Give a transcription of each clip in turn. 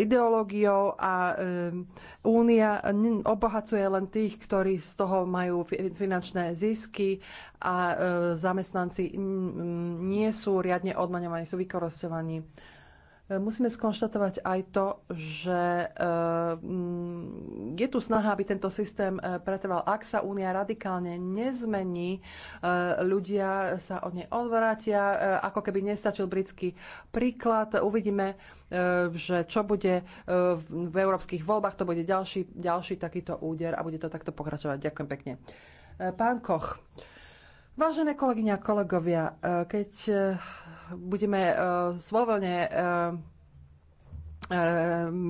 ideológiou a únia obohacuje len tých, ktorí z toho majú finančné zisky a zamestnanci nie sú riadne odmaňovaní, sú vykorostovaní. Musíme skonštatovať aj to, že e, mm, je tu snaha, aby tento systém e, pretrval. Ak sa únia radikálne nezmení, e, ľudia sa od nej odvrátia, ako keby nestačil britský príklad. Uvidíme, že čo bude v európskych voľbách, to bude ďalší, ďalší takýto úder a bude to takto pokračovať. Ďakujem pekne. Pán Koch, Vážené kolegyňa a kolegovia, eh, keď eh, budeme eh, svojvoľne E,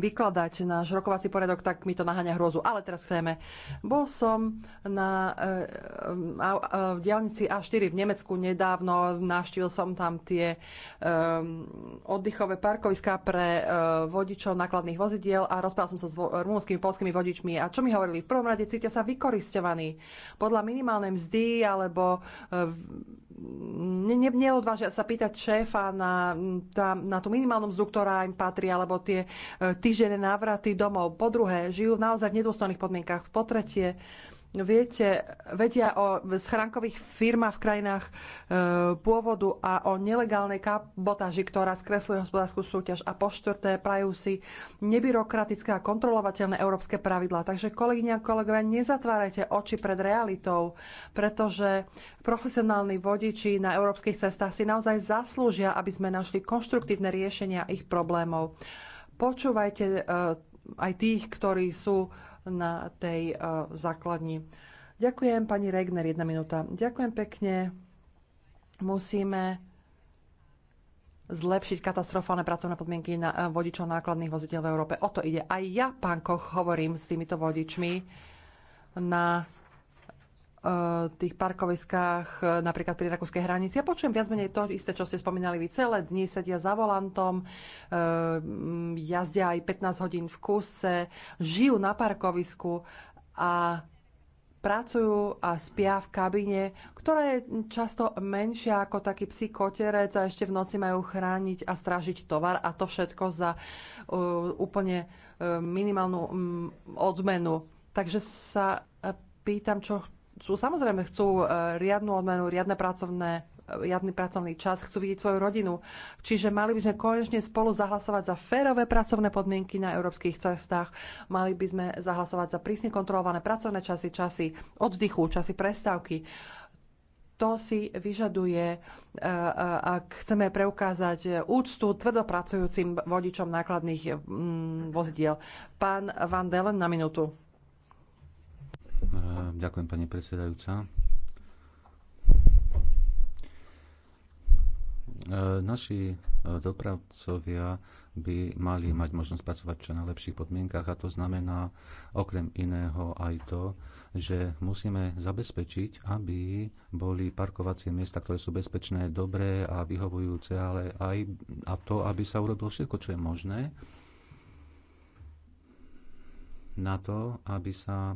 vykladať náš rokovací poriadok, tak mi to naháňa hrozu. Ale teraz chceme. Bol som na e, diálnici A4 v Nemecku nedávno, navštívil som tam tie e, oddychové parkoviská pre e, vodičov nákladných vozidiel a rozprával som sa s vo, rumúnskymi, polskými vodičmi. A čo mi hovorili? V prvom rade cítia sa vykoristovaní. Podľa minimálnej mzdy alebo ne, ne, neodvážia sa pýtať šéfa na, tá, na tú minimálnu mzdu, ktorá im patrí, alebo tie e, týždenné návraty domov. Po druhé, žijú naozaj v nedôstojných podmienkach. Po tretie, e, viete, vedia o schránkových firmách v krajinách e, pôvodu a o nelegálnej kabotáži, ktorá skresluje hospodárskú súťaž a po štvrté prajú si nebyrokratické a kontrolovateľné európske pravidlá. Takže kolegyne a kolegovia, nezatvárajte oči pred realitou, pretože profesionálni vodiči na európskych cestách si naozaj zaslúžia, aby sme našli konštruktívne riešenia ich problémov. Počúvajte e, aj tých, ktorí sú na tej e, základni. Ďakujem, pani Regner, jedna minúta. Ďakujem pekne. Musíme zlepšiť katastrofálne pracovné podmienky na e, vodičov nákladných vozidel v Európe. O to ide. Aj ja, pán Koch, hovorím s týmito vodičmi na Eh, tých parkoviskách, eh, napríklad pri rakúskej hranici. Ja počujem viac menej to isté, čo ste spomínali vy celé dni, sedia za volantom, eh, jazdia aj 15 hodín v kuse, žijú na parkovisku a pracujú a spia v kabine, ktorá je často menšia ako taký psí koterec a ešte v noci majú chrániť a strážiť tovar a to všetko za úplne minimálnu mm, odmenu. Takže sa pýtam, čo sú samozrejme chcú e, riadnu odmenu, riadne pracovné e, riadny pracovný čas, chcú vidieť svoju rodinu. Čiže mali by sme konečne spolu zahlasovať za férové pracovné podmienky na európskych cestách. Mali by sme zahlasovať za prísne kontrolované pracovné časy, časy oddychu, časy prestávky to si vyžaduje, e, ak chceme preukázať úctu tvrdopracujúcim vodičom nákladných mm, vozidiel. Pán Van Delen na minútu. Eh, ďakujem, pani predsedajúca. Eh, naši eh, dopravcovia by mali mať možnosť pracovať v čo najlepších podmienkach a to znamená okrem iného aj to, že musíme zabezpečiť, aby boli parkovacie miesta, ktoré sú bezpečné, dobré a vyhovujúce, ale aj a to, aby sa urobilo všetko, čo je možné na to, aby sa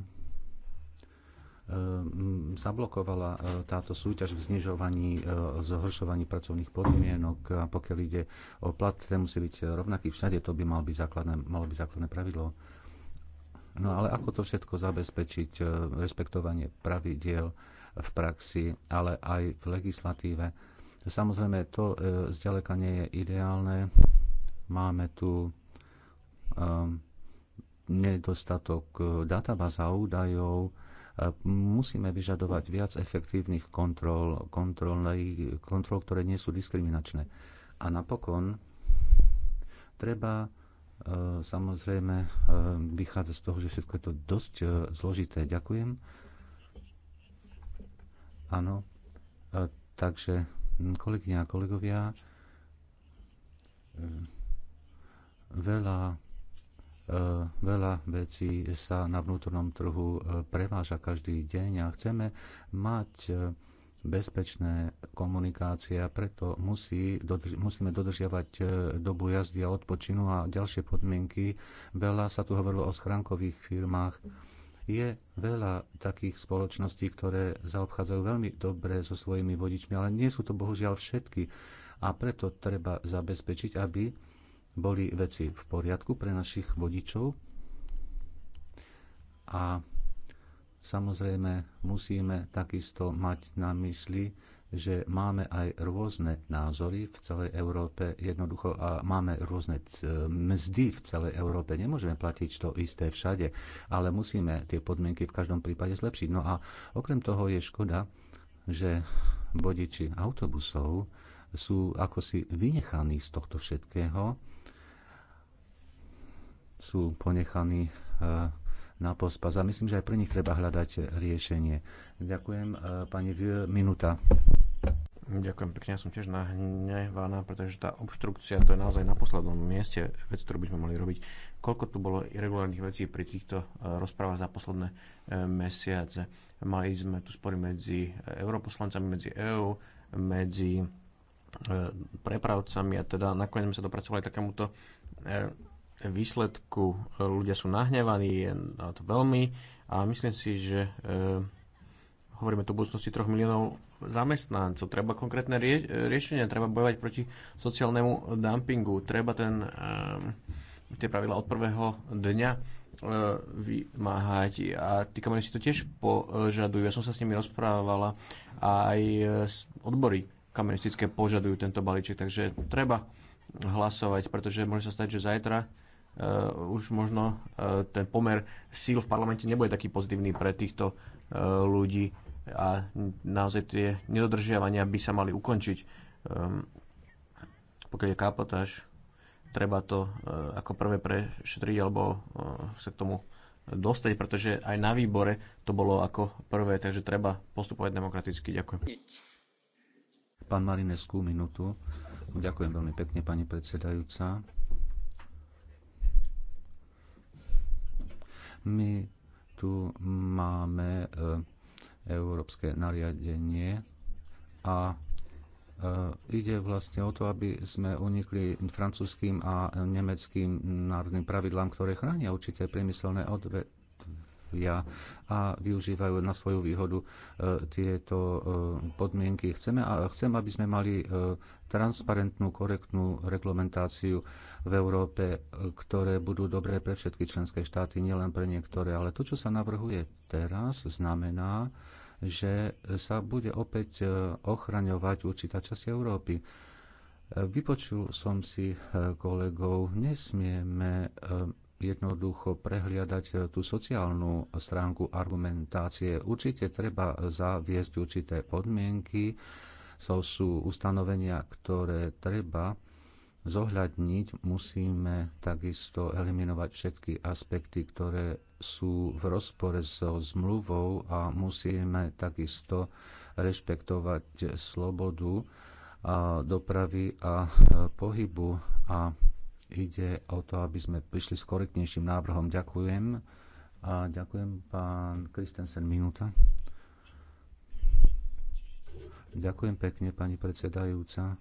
Ehm, zablokovala e, táto súťaž v znižovaní, e, zhoršovaní pracovných podmienok a pokiaľ ide o plat, ten musí byť rovnaký všade, to by malo byť základné, malo byť základné pravidlo. No ale ako to všetko zabezpečiť, e, respektovanie pravidiel v praxi, ale aj v legislatíve. Samozrejme, to zďaleka nie je ideálne. Máme tu ehm, nedostatok databáz a údajov, Musíme vyžadovať viac efektívnych kontrol, kontrol, kontrol ktoré nie sú diskriminačné. A napokon treba e, samozrejme e, vychádza z toho, že všetko je to dosť e, zložité. Ďakujem. Áno. Takže, kolegyne a kolegovia, veľa Eh, veľa vecí sa na vnútornom trhu eh, preváža každý deň a chceme mať eh, bezpečné komunikácie a preto musí, dodrž, musíme dodržiavať dobu jazdy a odpočinu a ďalšie podmienky. Veľa sa tu hovorilo o schránkových firmách. Je veľa takých spoločností, ktoré zaobchádzajú veľmi dobre so svojimi vodičmi, ale nie sú to bohužiaľ všetky. A preto treba zabezpečiť, aby boli veci v poriadku pre našich vodičov. A samozrejme musíme takisto mať na mysli, že máme aj rôzne názory v celej Európe, jednoducho a máme rôzne mzdy v celej Európe. Nemôžeme platiť to isté všade, ale musíme tie podmienky v každom prípade zlepšiť. No a okrem toho je škoda, že vodiči autobusov sú ako si vynechaní z tohto všetkého sú ponechaní e, na pospas. A myslím, že aj pre nich treba hľadať riešenie. Ďakujem, e, pani Vieux, minúta. Ďakujem pekne, ja som tiež nahnevaná, pretože tá obštrukcia to je naozaj na poslednom mieste vec, ktorú by sme mali robiť. Koľko tu bolo irregulárnych vecí pri týchto e, rozprávach za posledné mesiace? Mali sme tu spory medzi europoslancami, medzi EÚ, medzi prepravcami a teda nakoniec sme sa dopracovali takémuto výsledku e, ľudia sú nahnevaní, je na to veľmi a myslím si, že e, hovoríme tu o budúcnosti troch miliónov zamestnancov, treba konkrétne rie- e, riešenia, treba bojovať proti sociálnemu dumpingu, treba ten, e, tie pravidla od prvého dňa e, vymáhať a tí kamery si to tiež požadujú. Ja som sa s nimi rozprávala a aj e, odbory kamenistické požadujú tento balíček, takže treba hlasovať, pretože môže sa stať, že zajtra Eh, už možno eh, ten pomer síl v parlamente nebude taký pozitívny pre týchto eh, ľudí a naozaj tie nedodržiavania by sa mali ukončiť. Ehm, pokiaľ je kapotáž, treba to ako prvé prešetriť alebo sa k tomu dostať, pretože aj na výbore to bolo ako prvé, takže treba postupovať demokraticky. Ďakujem. Pán Marinesku, minútu. Ďakujem veľmi pekne, pani predsedajúca. My tu máme e, európske nariadenie a e, ide vlastne o to, aby sme unikli francúzským a nemeckým národným pravidlám, ktoré chránia určité priemyselné odvety ja a využívajú na svoju výhodu e, tieto e, podmienky. Chceme, chcem, aby sme mali e, transparentnú, korektnú reglementáciu v Európe, ktoré budú dobré pre všetky členské štáty, nielen pre niektoré. Ale to, čo sa navrhuje teraz, znamená, že sa bude opäť ochraňovať určitá časť Európy. Vypočul som si kolegov, nesmieme jednoducho prehliadať e, tú sociálnu stránku argumentácie. Určite treba zaviesť určité podmienky, to sú ustanovenia, ktoré treba zohľadniť. Musíme takisto eliminovať všetky aspekty, ktoré sú v rozpore so zmluvou a musíme takisto rešpektovať slobodu a dopravy a pohybu a ide o to, aby sme prišli s korektnejším návrhom. Ďakujem. A ďakujem pán Kristensen Minúta. Ďakujem pekne, pani predsedajúca.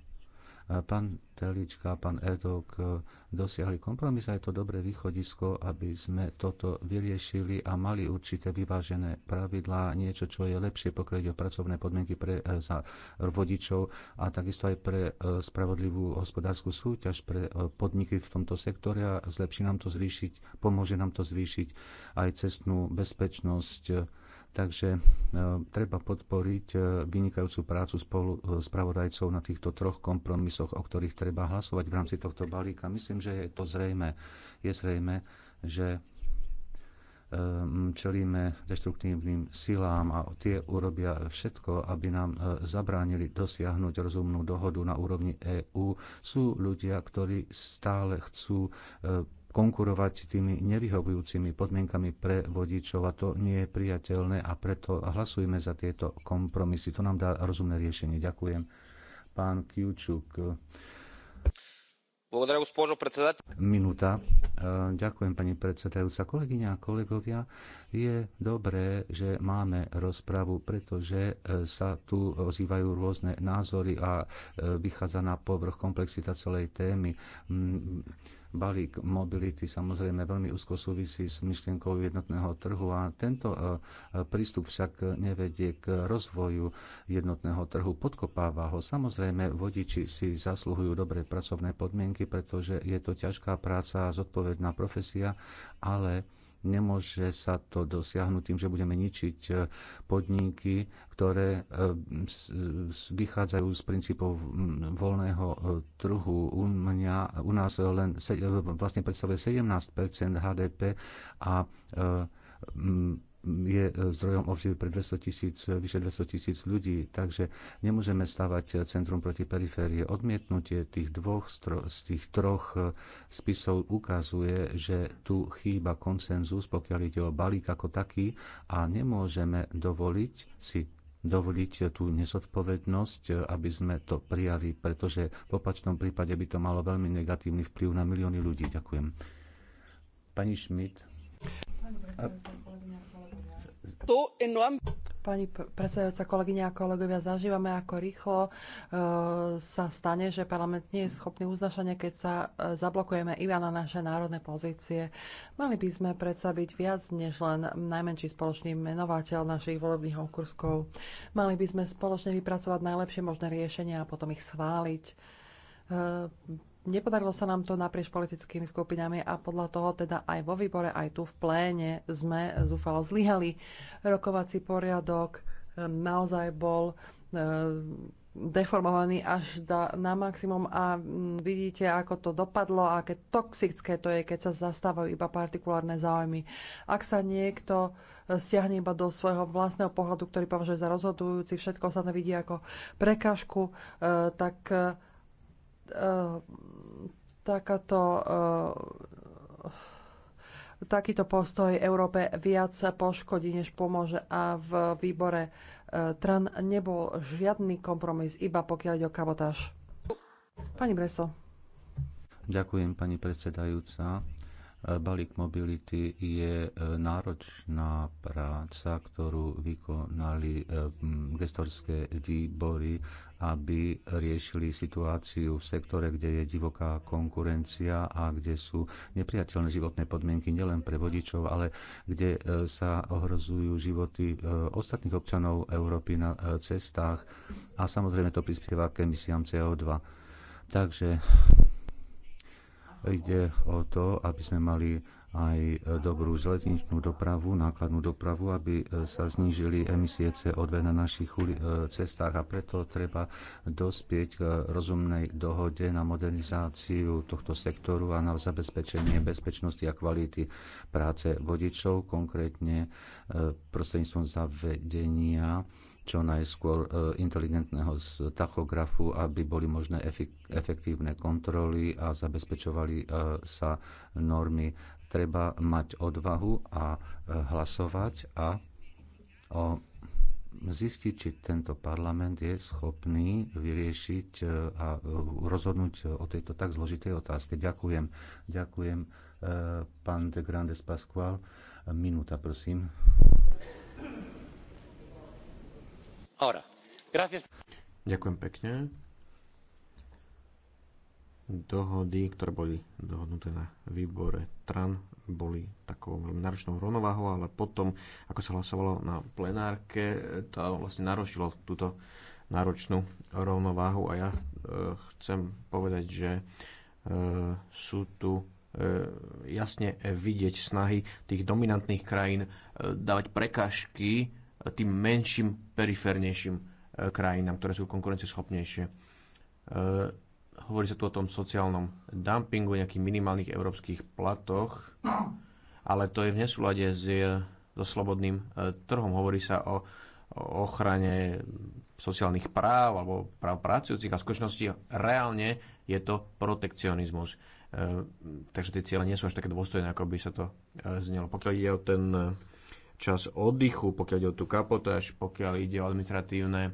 Pán Telička a pán Edok e, dosiahli kompromis a je to dobré východisko, aby sme toto vyriešili a mali určité vyvážené pravidlá, niečo, čo je lepšie pokryť o pracovné podmienky pre e, za vodičov a takisto aj pre e, spravodlivú hospodárskú súťaž pre podniky v tomto sektore a zlepší nám to zvýšiť, pomôže nám to zvýšiť aj cestnú bezpečnosť Takže e, treba podporiť e, vynikajúcu prácu spolu e, spravodajcov na týchto troch kompromisoch, o ktorých treba hlasovať v rámci tohto balíka. Myslím, že je to zrejme. Je zrejme, že čelíme deštruktívnym silám a tie urobia všetko, aby nám zabránili dosiahnuť rozumnú dohodu na úrovni EÚ. Sú ľudia, ktorí stále chcú konkurovať tými nevyhovujúcimi podmienkami pre vodičov a to nie je priateľné a preto hlasujme za tieto kompromisy. To nám dá rozumné riešenie. Ďakujem. Pán Kiučuk. Minúta. Ďakujem, pani predsedajúca. Kolegyňa a kolegovia, je dobré, že máme rozpravu, pretože e, sa tu ozývajú rôzne názory a e, vychádza na povrch komplexita celej témy balík mobility samozrejme veľmi úzko súvisí s myšlienkou jednotného trhu a tento e, e, prístup však nevedie k rozvoju jednotného trhu, podkopáva ho. Samozrejme, vodiči si zasluhujú dobré pracovné podmienky, pretože je to ťažká práca, a zodpovedná profesia, ale Nemôže sa to dosiahnuť tým, že budeme ničiť e, podniky, ktoré e, vychádzajú z princípov voľného e, trhu. U, mňa, u nás len vlastne predstavuje 17 HDP a je e, zdrojom obživy pre 200 tisíc, e, vyše 200 tisíc ľudí, takže nemôžeme stavať e, centrum proti periférie. Odmietnutie tých dvoch z tých troch spisov ukazuje, že tu chýba konsenzus, pokiaľ ide o balík ako taký a nemôžeme dovoliť si dovoliť tú nezodpovednosť, aby sme to prijali, pretože v opačnom prípade by to malo veľmi negatívny vplyv na milióny ľudí. Ďakujem. Pani Schmidt. Pani Pani predsedajúca, kolegyňa a kolegovia, zažívame, ako rýchlo e, sa stane, že parlament nie je schopný uznašania, keď sa e, zablokujeme iba na naše národné pozície. Mali by sme predsa byť viac než len najmenší spoločný menovateľ našich volebných okurskov. Mali by sme spoločne vypracovať najlepšie možné riešenia a potom ich schváliť e, Nepodarilo sa nám to naprieč politickými skupinami a podľa toho teda aj vo výbore, aj tu v pléne sme zúfalo zlyhali. Rokovací poriadok e, naozaj bol e, deformovaný až na maximum a vidíte, ako to dopadlo a aké toxické to je, keď sa zastávajú iba partikulárne záujmy. Ak sa niekto e, stiahne iba do svojho vlastného pohľadu, ktorý považuje za rozhodujúci, všetko sa vidí ako prekážku, tak Eh, takáto eh, takýto postoj Európe viac poškodí, než pomôže a v výbore eh, TRAN nebol žiadny kompromis, iba pokiaľ ide o kabotáž. Pani Breso. Ďakujem, pani predsedajúca Balík mobility je e, náročná práca, ktorú vykonali e, gestorské výbory, aby riešili situáciu v sektore, kde je divoká konkurencia a kde sú nepriateľné životné podmienky nielen pre vodičov, ale kde e, sa ohrozujú životy ostatných občanov Európy na cestách a samozrejme to prispieva k emisiám CO2. Takže Ide o to, aby sme mali aj dobrú železničnú dopravu, nákladnú dopravu, aby e, sa znížili emisie CO2 na našich e, cestách a preto treba dospieť k rozumnej dohode na modernizáciu tohto sektoru a na zabezpečenie bezpečnosti a kvality práce vodičov, konkrétne e, prostredníctvom zavedenia čo najskôr e, inteligentného z tachografu, aby boli možné efektívne kontroly a zabezpečovali e, sa normy. Treba mať odvahu a e, hlasovať a zistiť, či tento parlament je schopný vyriešiť a rozhodnúť o tejto tak zložitej otázke. Ďakujem. Ďakujem, pán de Grandes Pascual. Minúta, prosím. Ahora. Gracias. Ďakujem pekne. Dohody, ktoré boli dohodnuté na výbore TRAN, boli takou veľmi náročnou rovnováhou, ale potom, ako sa hlasovalo na plenárke, to vlastne narušilo túto náročnú rovnováhu a ja e, chcem povedať, že e, sú tu e, jasne vidieť snahy tých dominantných krajín e, dávať prekážky tým menším, periférnejším e, krajinám, ktoré sú konkurencieschopnejšie. E, hovorí sa tu o tom sociálnom dumpingu, nejakých minimálnych európskych platoch, ale to je v nesúlade s, so slobodným e, trhom. Hovorí sa o, o ochrane sociálnych práv alebo práv pracujúcich a v skutočnosti reálne je to protekcionizmus. Takže tie cieľe nie sú až také dôstojné, ako by sa to znelo. Pokiaľ ide o ten čas oddychu, pokiaľ ide o tú kapotáž, pokiaľ ide o administratívne e,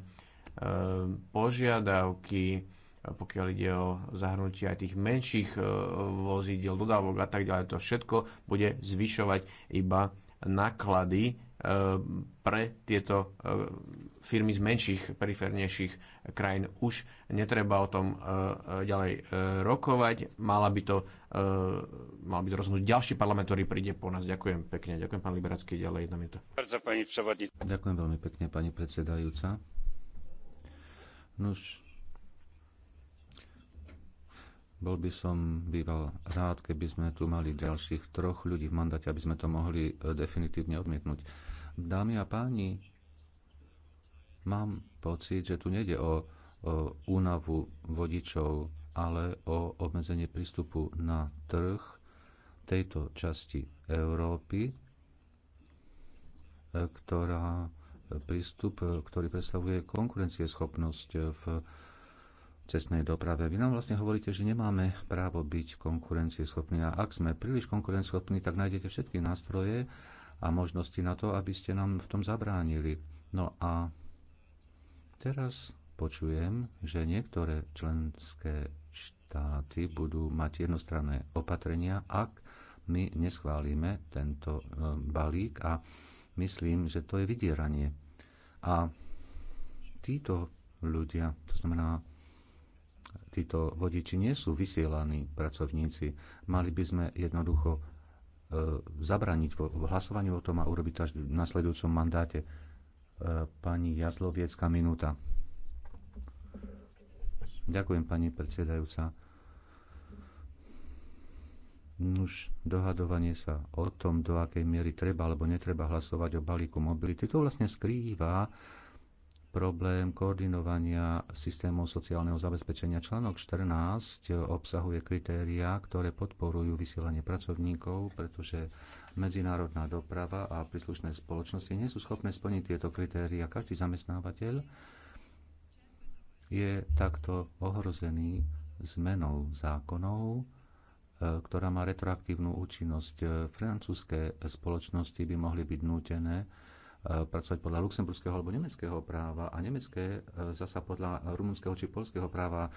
požiadavky, pokiaľ ide o zahrnutie aj tých menších e, vozidiel, dodávok a tak ďalej. To všetko bude zvyšovať iba náklady e, pre tieto firmy z menších, periférnejších krajín. Už netreba o tom e, e, ďalej e, rokovať. Mala by to, mal by to rozhodnúť ďalší parlament, ktorý príde po nás. Ďakujem pekne. Ďakujem, pán Liberacký. Ďalej jedna minúta. Ďakujem veľmi pekne, pani predsedajúca. Nuž, bol by som býval rád, keby sme tu mali ďalších troch ľudí v mandáte, aby sme to mohli definitívne odmietnúť. Dámy a páni, Mám pocit, že tu nejde o, o únavu vodičov, ale o obmedzenie prístupu na trh tejto časti Európy, e, ktorá prístup, ktorý predstavuje konkurencieschopnosť v cestnej doprave. Vy nám vlastne hovoríte, že nemáme právo byť konkurencieschopní a ak sme príliš konkurencieschopní, tak nájdete všetky nástroje a možnosti na to, aby ste nám v tom zabránili. No a Teraz počujem, že niektoré členské štáty budú mať jednostranné opatrenia, ak my neschválime tento e, balík a myslím, že to je vydieranie. A títo ľudia, to znamená títo vodiči nie sú vysielaní pracovníci. Mali by sme jednoducho e, zabrániť v hlasovaniu o tom a urobiť to až v nasledujúcom mandáte pani Jazloviecka minúta. Ďakujem, pani predsedajúca. Už dohadovanie sa o tom, do akej miery treba alebo netreba hlasovať o balíku mobility, to vlastne skrýva problém koordinovania systémov sociálneho zabezpečenia. Článok 14 obsahuje kritériá, ktoré podporujú vysielanie pracovníkov, pretože medzinárodná doprava a príslušné spoločnosti nie sú schopné splniť tieto kritériá. Každý zamestnávateľ je takto ohrozený zmenou zákonov, e, ktorá má retroaktívnu účinnosť. Francúzske spoločnosti by mohli byť nútené E, pracovať podľa luxemburského alebo nemeckého práva a nemecké e, zasa podľa rumunského či polského práva e,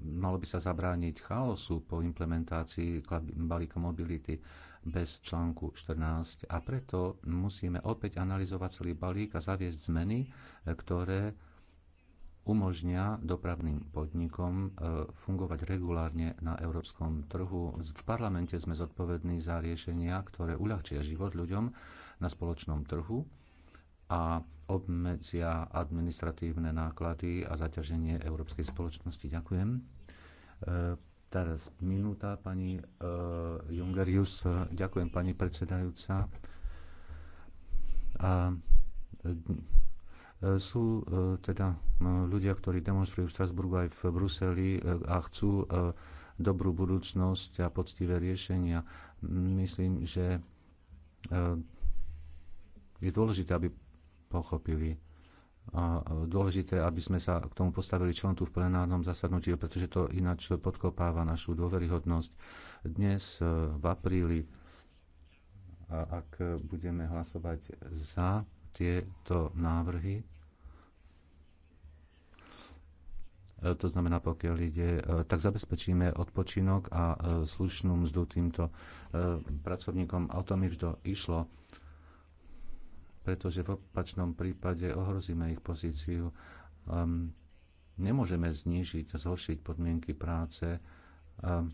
malo by sa zabrániť chaosu po implementácii balíka mobility bez článku 14 a preto musíme opäť analyzovať celý balík a zaviesť zmeny, ktoré umožnia dopravným podnikom fungovať regulárne na európskom trhu. V parlamente sme zodpovední za riešenia, ktoré uľahčia život ľuďom na spoločnom trhu a obmedzia administratívne náklady a zaťaženie európskej spoločnosti. Ďakujem. E, teraz minúta, pani e, Jungerius. E, ďakujem, pani predsedajúca. A sú teda ľudia, ktorí demonstrujú v Strasburgu aj v Bruseli a chcú dobrú budúcnosť a poctivé riešenia. Myslím, že je dôležité, aby pochopili. A dôležité, aby sme sa k tomu postavili člen tu v plenárnom zasadnutí, pretože to ináč podkopáva našu dôveryhodnosť. Dnes e, v apríli, ak budeme hlasovať za tieto návrhy, e, to znamená, pokiaľ ide, e, tak zabezpečíme odpočinok a slušnú mzdu týmto pracovníkom. o to mi vždy išlo pretože v opačnom prípade ohrozíme ich pozíciu. Um, nemôžeme znížiť, zhoršiť podmienky práce. Um,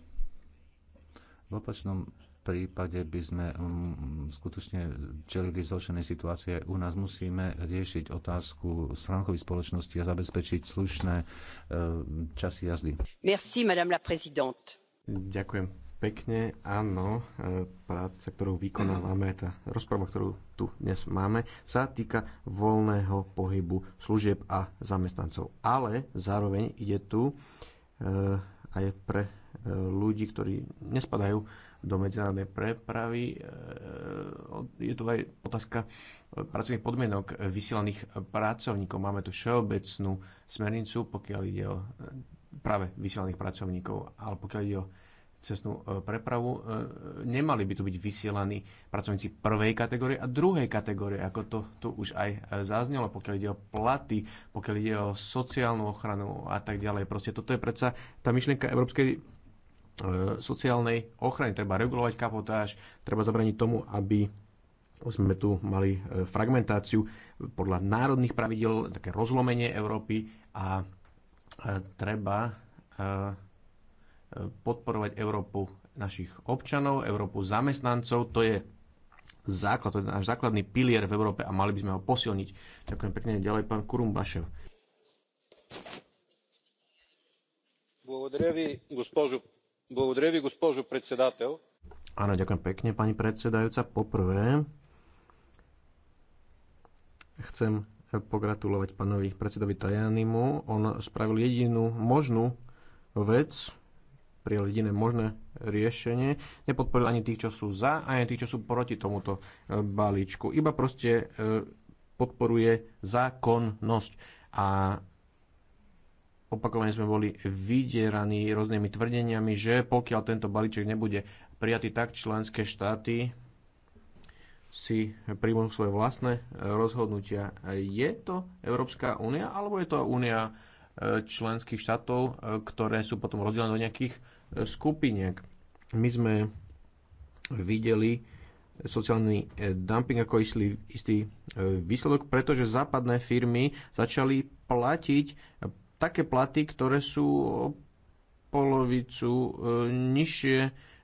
v opačnom prípade by sme um, skutočne čelili zhoršenej situácie. U nás musíme riešiť otázku stránkových spoločnosti a zabezpečiť slušné um, časy jazdy. Merci, madame la présidente. Ďakujem pekne. Áno, e, práca, ktorú vykonávame, tá rozpráva, ktorú tu dnes máme, sa týka voľného pohybu služieb a zamestnancov. Ale zároveň ide tu e, aj pre e, ľudí, ktorí nespadajú do medzinárodnej prepravy. Je tu aj otázka pracovných podmienok vysielaných pracovníkov. Máme tu všeobecnú smernicu, pokiaľ ide o práve vysielaných pracovníkov, ale pokiaľ ide o cestnú e, prepravu, e, nemali by tu byť vysielaní pracovníci prvej kategórie a druhej kategórie, ako to tu už aj e, zaznelo, pokiaľ ide o platy, pokiaľ ide o sociálnu ochranu a tak ďalej. Proste toto je predsa tá myšlienka Európskej sociálnej ochrany. Treba regulovať kapotáž, treba zabraniť tomu, aby sme tu mali fragmentáciu podľa národných pravidel, také rozlomenie Európy a treba podporovať Európu našich občanov, Európu zamestnancov. To je základ, to je náš základný pilier v Európe a mali by sme ho posilniť. Ďakujem pekne. Ďalej pán Kurumbašev. Благодаря ви, госпожо председател. Áno, ďakujem pekne, pani predsedajúca. Poprvé chcem pogratulovať pánovi predsedovi Tajanimu. On spravil jedinú možnú vec, prijali jediné možné riešenie. Nepodporil ani tých, čo sú za, ani tých, čo sú proti tomuto e, balíčku. Iba proste e, podporuje zákonnosť. A opakovane sme boli vydieraní rôznymi tvrdeniami, že pokiaľ tento balíček nebude prijatý, tak členské štáty si príjmu svoje vlastné e, rozhodnutia. Je to Európska únia alebo je to únia členských štátov, e, ktoré sú potom rozdelené do nejakých e, skupiniek. My sme videli sociálny e, dumping ako istý, istý výsledok, pretože západné firmy začali platiť také platy, ktoré sú polovicu nižšie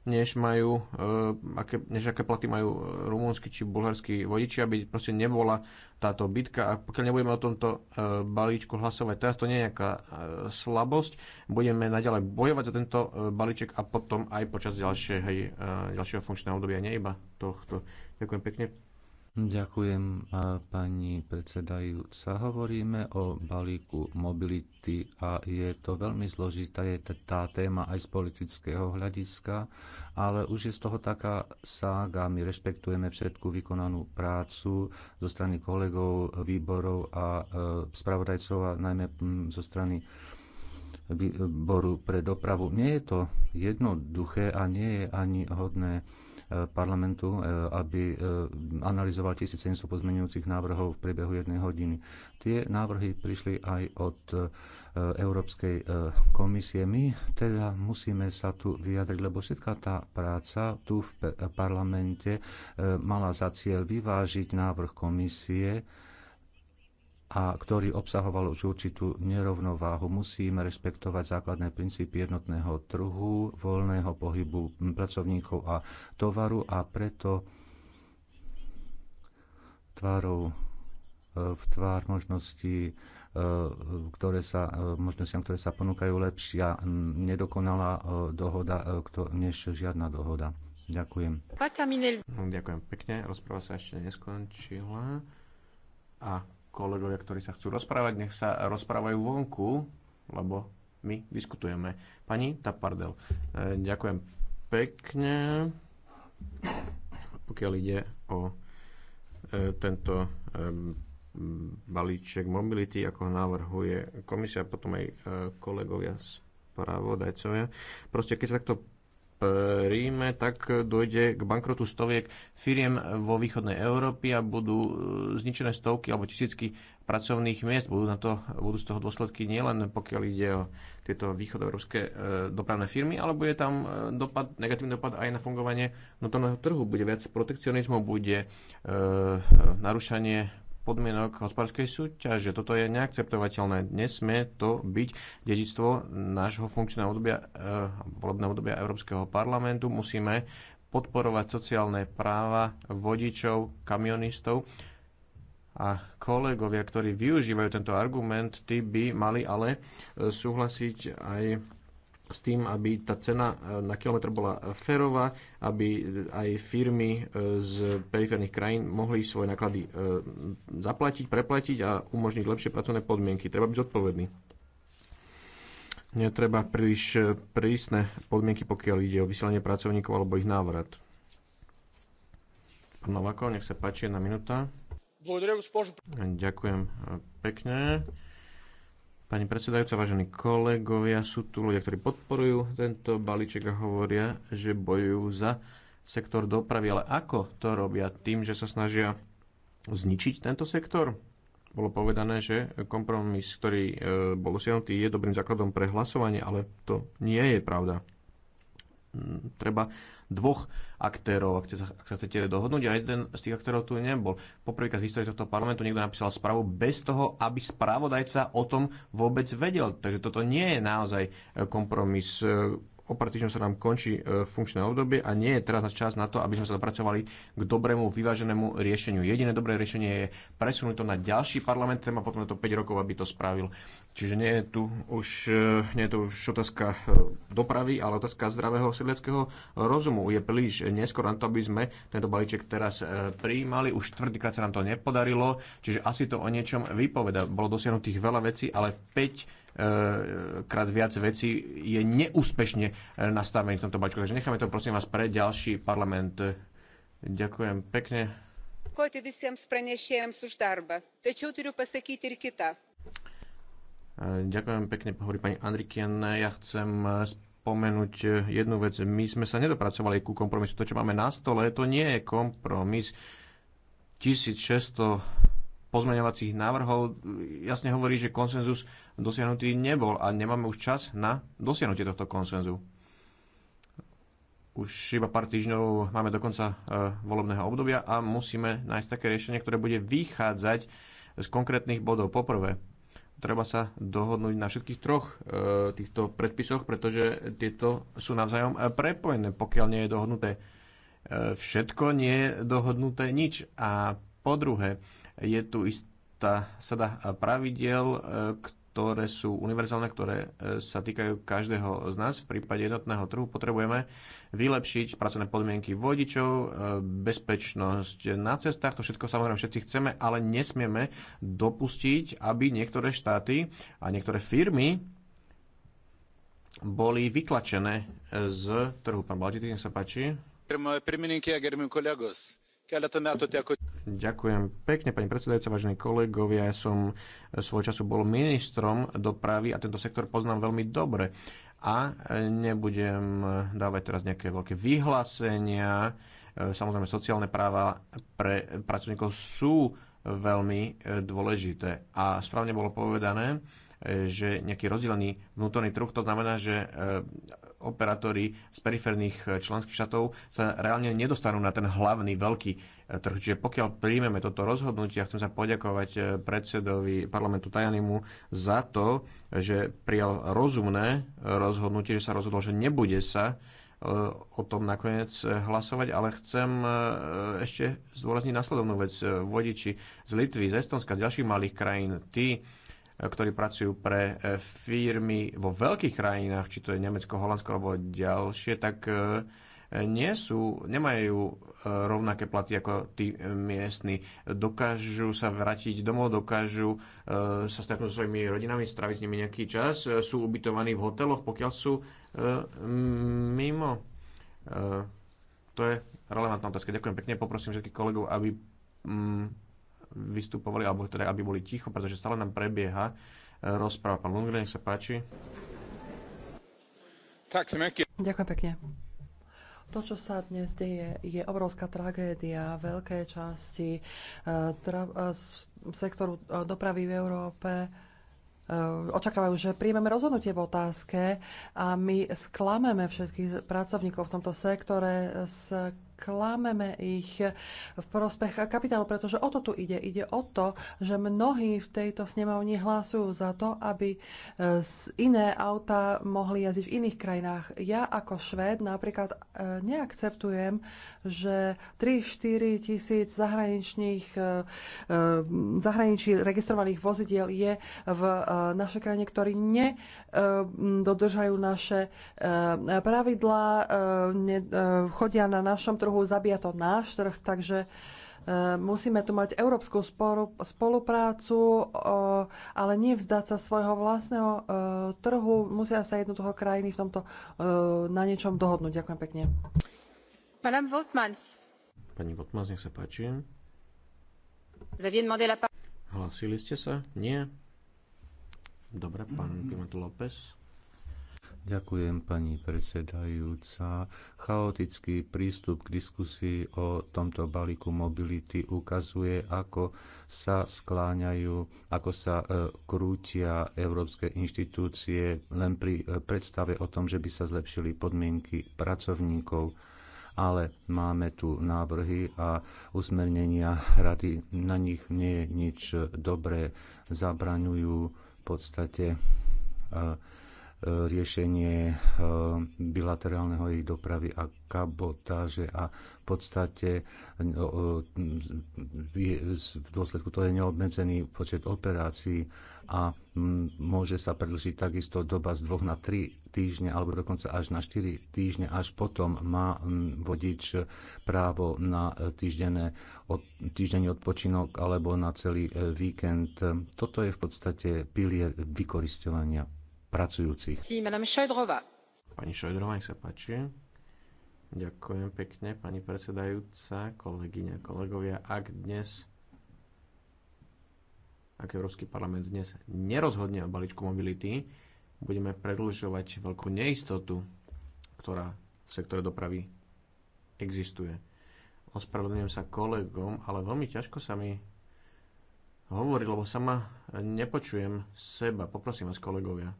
než, majú, eh, aké, než aké platy majú eh, rumúnsky či bulharskí vodiči, aby proste nebola táto bitka. A pokiaľ nebudeme o tomto eh, balíčku hlasovať teraz, to nie je nejaká slabosť. Budeme naďalej bojovať za tento balíček a potom aj počas ďalšieho, ďalšieho funkčného obdobia, nie iba tohto. Ďakujem pekne. Ďakujem, pani predsedajúca. Hovoríme o balíku mobility a je to veľmi zložitá, je tá téma aj z politického hľadiska, ale už je z toho taká sága. My rešpektujeme všetku vykonanú prácu zo strany kolegov, výborov a e, spravodajcov a najmä zo strany výboru pre dopravu. Nie je to jednoduché a nie je ani hodné parlamentu, e, aby e, analyzoval 1700 pozmenujúcich návrhov v priebehu jednej hodiny. Tie návrhy prišli aj od e, Európskej komisie. My teda musíme sa tu vyjadriť, lebo všetká tá práca tu v parlamente mala za cieľ vyvážiť návrh komisie, a ktorý obsahoval už určitú nerovnováhu. Musíme rešpektovať základné princípy jednotného trhu, voľného pohybu pracovníkov a tovaru a preto tvárou e, v tvár možnosti e, ktoré sa, e, možnostiam, ktoré sa ponúkajú lepšia nedokonalá dohoda, než žiadna dohoda. Ďakujem. No, ďakujem pekne, rozpráva sa ešte neskončila. A kolegovia, ktorí sa chcú rozprávať, nech sa rozprávajú vonku, lebo my diskutujeme. Pani Tapardel, eh, ďakujem pekne. Pokiaľ ide o eh, tento eh, balíček mobility, ako ho navrhuje komisia, potom aj kolegovia spravodajcovia. Proste keď sa takto príjme, tak dojde k bankrotu stoviek firiem vo východnej Európe a budú e, zničené stovky alebo tisícky pracovných miest. Budú, na to, budú z toho dôsledky nielen pokiaľ ide o tieto východoeurópske e, dopravné firmy, ale bude tam e, dopad, negatívny dopad aj na fungovanie vnútorného trhu. Bude viac protekcionizmu, bude e, narušanie podmienok hospodárskej súťaže. Toto je neakceptovateľné. Nesmie to byť dedictvo nášho funkčného obdobia, e, volebného obdobia Európskeho parlamentu. Musíme podporovať sociálne práva vodičov, kamionistov a kolegovia, ktorí využívajú tento argument, tí by mali ale e, súhlasiť aj s tým, aby tá cena e, na kilometr bola férová, aby aj firmy e, z periférnych krajín mohli svoje náklady e, zaplatiť, preplatiť a umožniť lepšie pracovné podmienky. Treba byť zodpovedný. Netreba príliš prísne podmienky, pokiaľ ide o vysielanie pracovníkov alebo ich návrat. Pán Novakov, nech sa páči, jedna minúta. Ďakujem pekne. Pani predsedajúca, vážení kolegovia, sú tu ľudia, ktorí podporujú tento balíček a hovoria, že bojujú za sektor dopravy. Ale ako to robia? Tým, že sa snažia zničiť tento sektor? Bolo povedané, že kompromis, ktorý e, bol usiahnutý, je dobrým základom pre hlasovanie, ale to nie je pravda treba dvoch aktérov, ak, sa, ak sa chcete dohodnúť a jeden z tých aktérov tu nebol. Poprvýkrát v histórii tohto parlamentu niekto napísal správu bez toho, aby spravodajca o tom vôbec vedel. Takže toto nie je naozaj e, kompromis. E, o pár týždňov sa nám končí e, funkčné obdobie a nie je teraz čas na to, aby sme sa dopracovali k dobrému, vyváženému riešeniu. Jediné dobré riešenie je presunúť to na ďalší parlament, a potom to 5 rokov, aby to spravil. Čiže nie je tu už, e, nie je tu už otázka e, dopravy, ale otázka zdravého sedliackého rozumu. Je príliš neskoro na to, aby sme tento balíček teraz prijímali. Už tvrdýkrát sa nám to nepodarilo, čiže asi to o niečom vypoveda. Bolo dosiahnutých veľa vecí, ale 5 krát viac vecí je neúspešne eh, nastavený v tomto bačku. Takže necháme to prosím vás pre ďalší parlament. Ďakujem pekne. Koti visiems pranešėjams už darbą. Tačiau turiu pasakyti ir kitą. Eh, ďakujem pekne, hovorí pani Andrikien. Ja chcem eh, spomenúť jednu vec. My sme sa nedopracovali ku kompromisu. To, čo máme na stole, to nie je kompromis. 1600 pozmeňovacích návrhov jasne hovorí, že konsenzus dosiahnutý nebol a nemáme už čas na dosiahnutie tohto konsenzu. Už iba pár týždňov máme do konca e, volebného obdobia a musíme nájsť také riešenie, ktoré bude vychádzať z konkrétnych bodov. Poprvé, treba sa dohodnúť na všetkých troch e, týchto predpisoch, pretože tieto sú navzájom e, prepojené, pokiaľ nie je dohodnuté všetko, nie je dohodnuté nič. A po druhé, je tu istá sada pravidiel, ktoré sú univerzálne, ktoré sa týkajú každého z nás. V prípade jednotného trhu potrebujeme vylepšiť pracovné podmienky vodičov, bezpečnosť na cestách, to všetko samozrejme všetci chceme, ale nesmieme dopustiť, aby niektoré štáty a niektoré firmy boli vytlačené z trhu. Pán Blažitý, nech sa páči. Gerbiamas kolegos Ďakujem pekne, pani predsedajúca, vážení kolegovia. Ja som svoj času bol ministrom dopravy a tento sektor poznám veľmi dobre. A nebudem dávať teraz nejaké veľké vyhlásenia. Samozrejme, sociálne práva pre pracovníkov sú veľmi dôležité. A správne bolo povedané, že nejaký rozdelený vnútorný trh, to znamená, že operátori z periférnych e, členských štátov sa reálne nedostanú na ten hlavný veľký e, trh. Čiže pokiaľ príjmeme toto rozhodnutie, ja chcem sa poďakovať e, predsedovi parlamentu Tajanimu za to, že prijal rozumné rozhodnutie, že sa rozhodol, že nebude sa o tom nakoniec hlasovať, ale chcem ešte zdôrazniť následovnú vec. Vodiči z Litvy, z Estonska, z ďalších malých krajín, tí, ktorí pracujú pre e, firmy vo veľkých krajinách, či to je Nemecko, Holandsko alebo ďalšie, tak e, nie sú, nemajú e, rovnaké platy ako tí miestni. Dokážu sa vrátiť domov, dokážu sa stretnúť so svojimi rodinami, straviť s nimi nejaký čas, sú ubytovaní v hoteloch, pokiaľ sú mimo. To je relevantná otázka. Ďakujem pekne, poprosím všetkých kolegov, aby mm, vystupovali, alebo teda aby boli ticho, pretože stále nám prebieha e, rozpráva. Pán Lundgren, nech sa páči. Ďakujem pekne. To, čo sa dnes deje, je obrovská tragédia veľké časti e, tra- e, sektoru dopravy v Európe očakávajú, že príjmeme rozhodnutie v otázke a my sklameme všetkých pracovníkov v tomto sektore, klameme ich v prospech kapitálu, pretože o to tu ide. Ide o to, že mnohí v tejto snemovni hlasujú za to, aby e, iné auta mohli jazdiť v iných krajinách. Ja ako Švéd napríklad e, neakceptujem, že 3-4 tisíc zahraničných e, zahraničí registrovaných vozidiel je v našej krajine, ktorí nedodržajú naše pravidlá, chodia na našom trhu trhu, zabíja to náš trh, takže e, musíme tu mať európsku spoluprácu, e, ale nie vzdať sa svojho vlastného e, trhu. Musia sa jednoducho krajiny v tomto na niečom dohodnúť. Ďakujem pekne. Madame Votmans. Pani Votmans, nech sa páči. Hlasili ste sa? Nie? Dobre, pán Pimentel López. Ďakujem, pani predsedajúca. Chaotický prístup k diskusii o tomto balíku mobility ukazuje, ako sa skláňajú, ako sa e, krútia európske inštitúcie len pri e, predstave o tom, že by sa zlepšili podmienky pracovníkov ale máme tu návrhy a usmernenia rady, na nich nie je nič dobré, zabraňujú v podstate e, riešenie eh, bilaterálneho jej dopravy a kabotáže a v podstate eh, eh, v dôsledku toho je neobmedzený počet operácií a mm, môže sa predlžiť takisto doba z dvoch na tri týždne alebo dokonca až na 4 týždne, až potom má mm, vodič právo na týždenné, týždenný odpočinok alebo na celý víkend. Toto je v podstate pilier vykoristovania pracujúcich. Pani Šojdrová, nech sa páči. Ďakujem pekne, pani predsedajúca, kolegyňa, kolegovia. Ak dnes, ak Európsky parlament dnes nerozhodne o balíčku mobility, budeme predlžovať veľkú neistotu, ktorá v sektore dopravy existuje. Ospravedlňujem sa kolegom, ale veľmi ťažko sa mi hovorí, lebo sama nepočujem seba. Poprosím vás, kolegovia.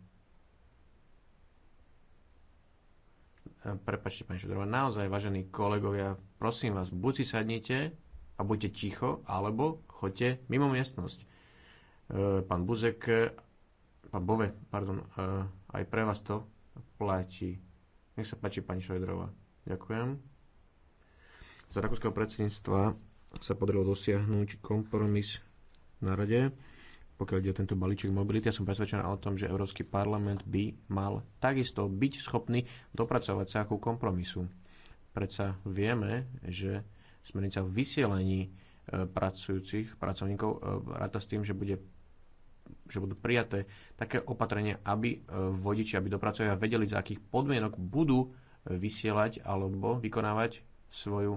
Prepačte, pani Šudrova, naozaj, vážení kolegovia, prosím vás, buď si sadnite a buďte ticho, alebo choďte mimo miestnosť. E, pán Buzek, pán Bove, pardon, e, aj pre vás to platí. Nech sa páči, pani Šojdrova. Ďakujem. Za rakúskeho predsedníctva sa podarilo dosiahnuť kompromis na rade pokiaľ ide o tento balíček mobility. Ja som presvedčená o tom, že Európsky parlament by mal takisto byť schopný dopracovať sa ku kompromisu. Predsa vieme, že smernica v vysielaní e, pracujúcich pracovníkov e, ráta s tým, že bude že budú prijaté také opatrenia, aby e, vodiči, aby dopracovia vedeli, za akých podmienok budú vysielať alebo vykonávať svoju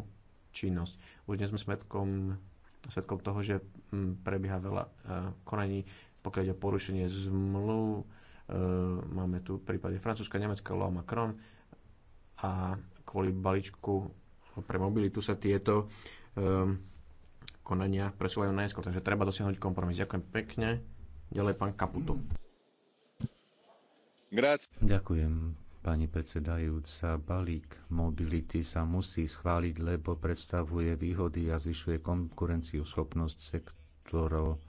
činnosť. Už dnes sme svetkom svetkom toho, že mm, prebieha veľa e, konaní, pokiaľ ide o porušenie zmluv. E, máme tu prípady Francúzska, Nemecka, Loa Macron a kvôli balíčku pre mobilitu sa tieto e, konania presúvajú najskôr, takže treba dosiahnuť kompromis. Ďakujem pekne. Ďalej pán Kaputo. Grazie. Ďakujem Pani predsedajúca, balík mobility sa musí schváliť, lebo predstavuje výhody a zvyšuje konkurenciu schopnosť sektorov.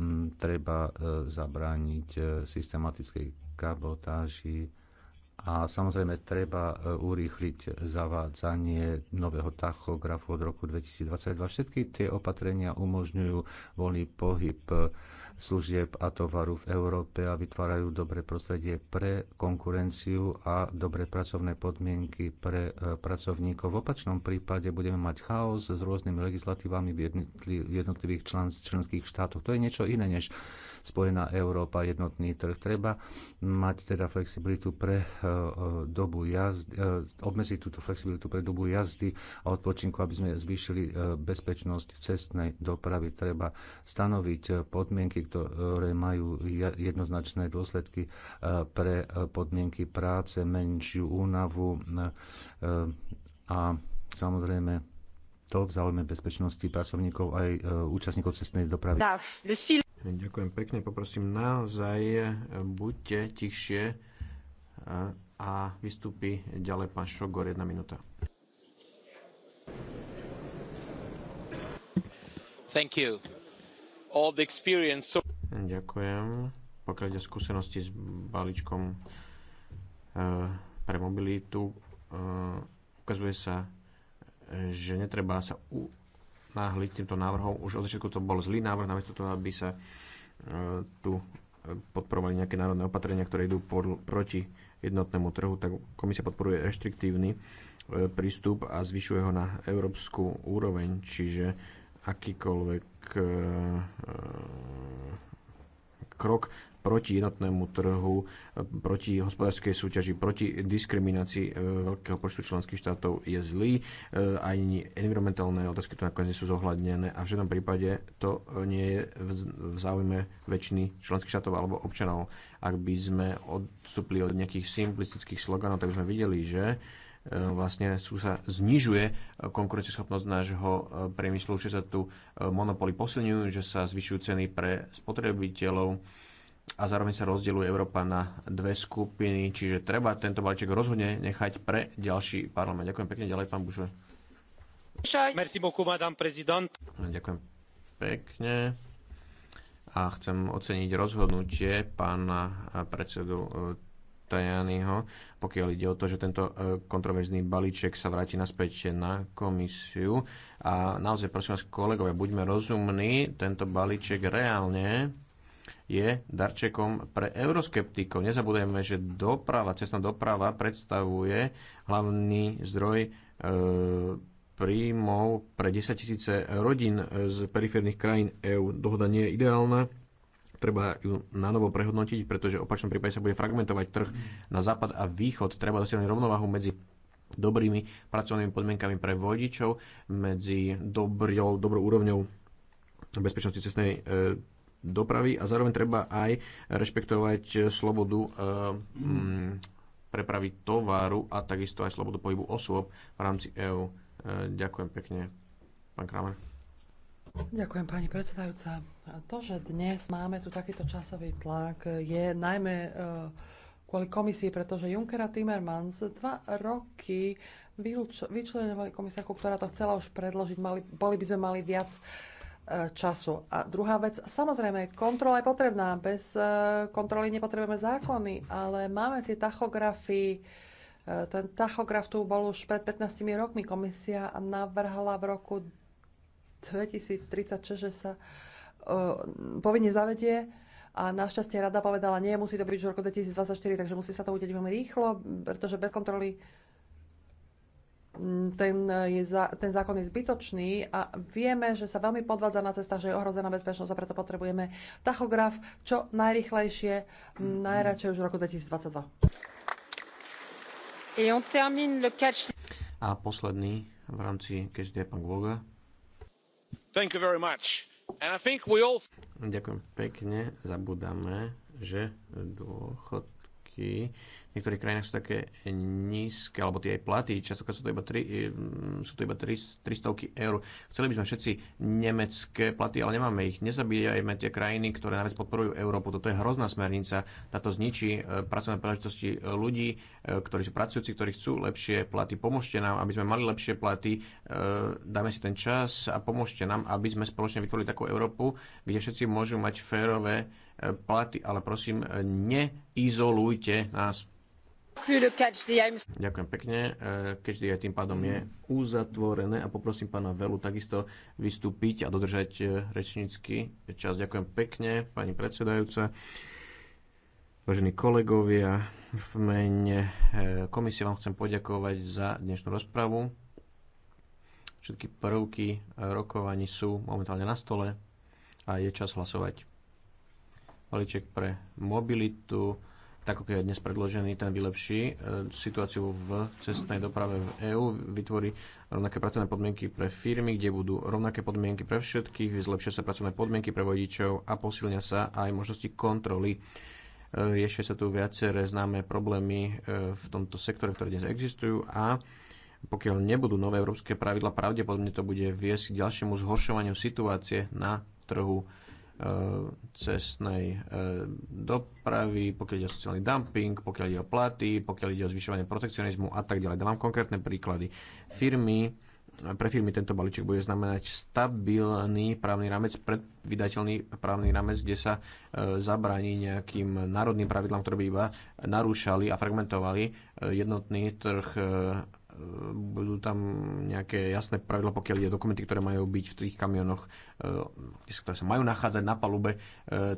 Mm, treba e, zabrániť e, systematickej kabotáži a samozrejme treba e, urýchliť zavádzanie nového tachografu od roku 2022. Všetky tie opatrenia umožňujú voľný pohyb služieb a tovaru v Európe a vytvárajú dobré prostredie pre konkurenciu a dobré pracovné podmienky pre e, pracovníkov. V opačnom prípade budeme mať chaos s rôznymi legislatívami v jednotlivých členských štátoch. To je niečo iné než spojená Európa, jednotný trh. Treba mať teda flexibilitu pre e, e, dobu jazdy, e, obmedziť túto flexibilitu pre dobu jazdy a odpočinku, aby sme zvýšili bezpečnosť cestnej dopravy. Treba stanoviť podmienky, ktoré majú jednoznačné dôsledky pre podmienky práce, menšiu únavu a samozrejme to v záujme bezpečnosti pracovníkov aj účastníkov cestnej dopravy. Ďakujem pekne, poprosím naozaj, e, buďte tichšie e, a vystúpi ďalej pán Šogor, jedna minúta. Thank you. All the experience... Ďakujem. Pokiaľ ide skúsenosti s balíčkom e, pre mobilitu, ukazuje sa, že netreba sa náhli k týmto návrhom. Už od začiatku to bol zlý návrh, namiesto toho, aby sa e, tu podporovali nejaké národné opatrenia, ktoré idú por, proti jednotnému trhu, tak komisia podporuje reštriktívny e, prístup a zvyšuje ho na európsku úroveň, čiže akýkoľvek e, krok proti jednotnému trhu, proti hospodárskej súťaži, proti diskriminácii e, veľkého počtu členských štátov je zlý. E, Ani environmentálne otázky tu nakoniec nie sú zohľadnené a v žiadnom prípade to nie je v záujme väčšiny členských štátov alebo občanov. Ak by sme odstúpili od nejakých simplistických sloganov, tak by sme videli, že e, vlastne sú sa znižuje konkurencieschopnosť nášho priemyslu, že sa tu monopoly posilňujú, že sa zvyšujú ceny pre spotrebiteľov, a zároveň sa rozdeluje Európa na dve skupiny, čiže treba tento balíček rozhodne nechať pre ďalší parlament. Ďakujem pekne, ďalej pán Bužo. Merci beaucoup, madame prezident. Ďakujem pekne a chcem oceniť rozhodnutie pána predsedu e, Tajaniho, pokiaľ ide o to, že tento e, kontroverzný balíček sa vráti naspäť na komisiu. A naozaj, prosím vás, kolegovia, buďme rozumní, tento balíček reálne je darčekom pre euroskeptikov. Nezabudujeme, že doprava, cestná doprava predstavuje hlavný zdroj e, príjmov pre 10 tisíce rodín z periférnych krajín EÚ. Dohoda nie je ideálna, treba ju na novo prehodnotiť, pretože v opačnom prípade sa bude fragmentovať trh na západ a východ. Treba dosiahnuť rovnováhu medzi dobrými pracovnými podmienkami pre vodičov, medzi dobrou, dobrou úrovňou bezpečnosti cestnej e, dopravy a zároveň treba aj rešpektovať slobodu eh, mm, prepravy tovaru a takisto aj slobodu pohybu osôb v rámci EÚ. Eh, ďakujem pekne, pán Kramer. Ďakujem, pani predsedajúca. To, že dnes máme tu takýto časový tlak, je najmä eh, kvôli komisii, pretože Juncker a Timmermans dva roky vyčlenovali komisárku, ktorá to chcela už predložiť. Mali, boli by sme mali viac uh, Eh, času. A druhá vec, samozrejme, kontrola je potrebná. Bez eh, kontroly nepotrebujeme zákony, ale máme tie tachografy. Eh, ten tachograf tu bol už pred 15 rokmi. Komisia navrhla v roku 2036, že sa povinne zavedie a našťastie rada povedala, nie, musí to byť už v roku 2024, takže musí sa to udeť veľmi rýchlo, pretože bez kontroly ten, je za, ten zákon je zbytočný a vieme, že sa veľmi podvádza na cestách, že je ohrozená bezpečnosť a preto potrebujeme tachograf čo najrychlejšie, mm-hmm. najradšej už v roku 2022. A posledný v rámci keďže je pán Gvoga. All... Ďakujem pekne. Zabudáme, že dôchod dôchodky v niektorých krajinách sú také nízke, alebo tie aj platy, častokrát sú to iba, tri, eh, sú to iba 300 eur. Chceli by sme všetci nemecké platy, ale nemáme ich. Nezabíjajme tie krajiny, ktoré najviac podporujú Európu. Toto je hrozná smernica. Táto zničí eh, pracovné príležitosti ľudí, eh, ktorí sú pracujúci, ktorí chcú lepšie platy. Pomôžte nám, aby sme mali lepšie platy. Dáme si ten čas a pomôžte nám, aby sme spoločne vytvorili takú Európu, kde všetci môžu mať férové Eh, platy, ale prosím, eh, neizolujte nás. Ďakujem pekne. Každý eh, aj tým pádom je uzatvorené a poprosím pána Velu takisto vystúpiť a dodržať rečnícky čas. Ďakujem pekne, pani predsedajúca. Vážení kolegovia, v mene komisie vám chcem poďakovať za dnešnú rozpravu. Všetky prvky rokovaní sú momentálne na stole a je čas hlasovať balíček pre mobilitu, tak ako je dnes predložený, ten vylepší e, situáciu v cestnej doprave v EÚ, vytvorí rovnaké pracovné podmienky pre firmy, kde budú rovnaké podmienky pre všetkých, zlepšia sa pracovné podmienky pre vodičov a posilňa sa aj možnosti kontroly. E, Riešia sa tu viaceré známe problémy e, v tomto sektore, ktoré dnes existujú a pokiaľ nebudú nové európske pravidla, pravdepodobne to bude viesť k ďalšiemu zhoršovaniu situácie na trhu E, cestnej e, dopravy, pokiaľ ide o sociálny dumping, pokiaľ ide o platy, pokiaľ ide o zvyšovanie protekcionizmu a tak ďalej. Dávam konkrétne príklady. Firmy, pre firmy tento balíček bude znamenať stabilný právny rámec, predvydateľný právny rámec, kde sa e, zabráni nejakým národným pravidlám, ktoré by iba narúšali a fragmentovali jednotný trh E, budú tam nejaké jasné pravidla, pokiaľ ide dokumenty, ktoré majú byť v tých kamionoch, e, ktoré sa majú nachádzať na palube e,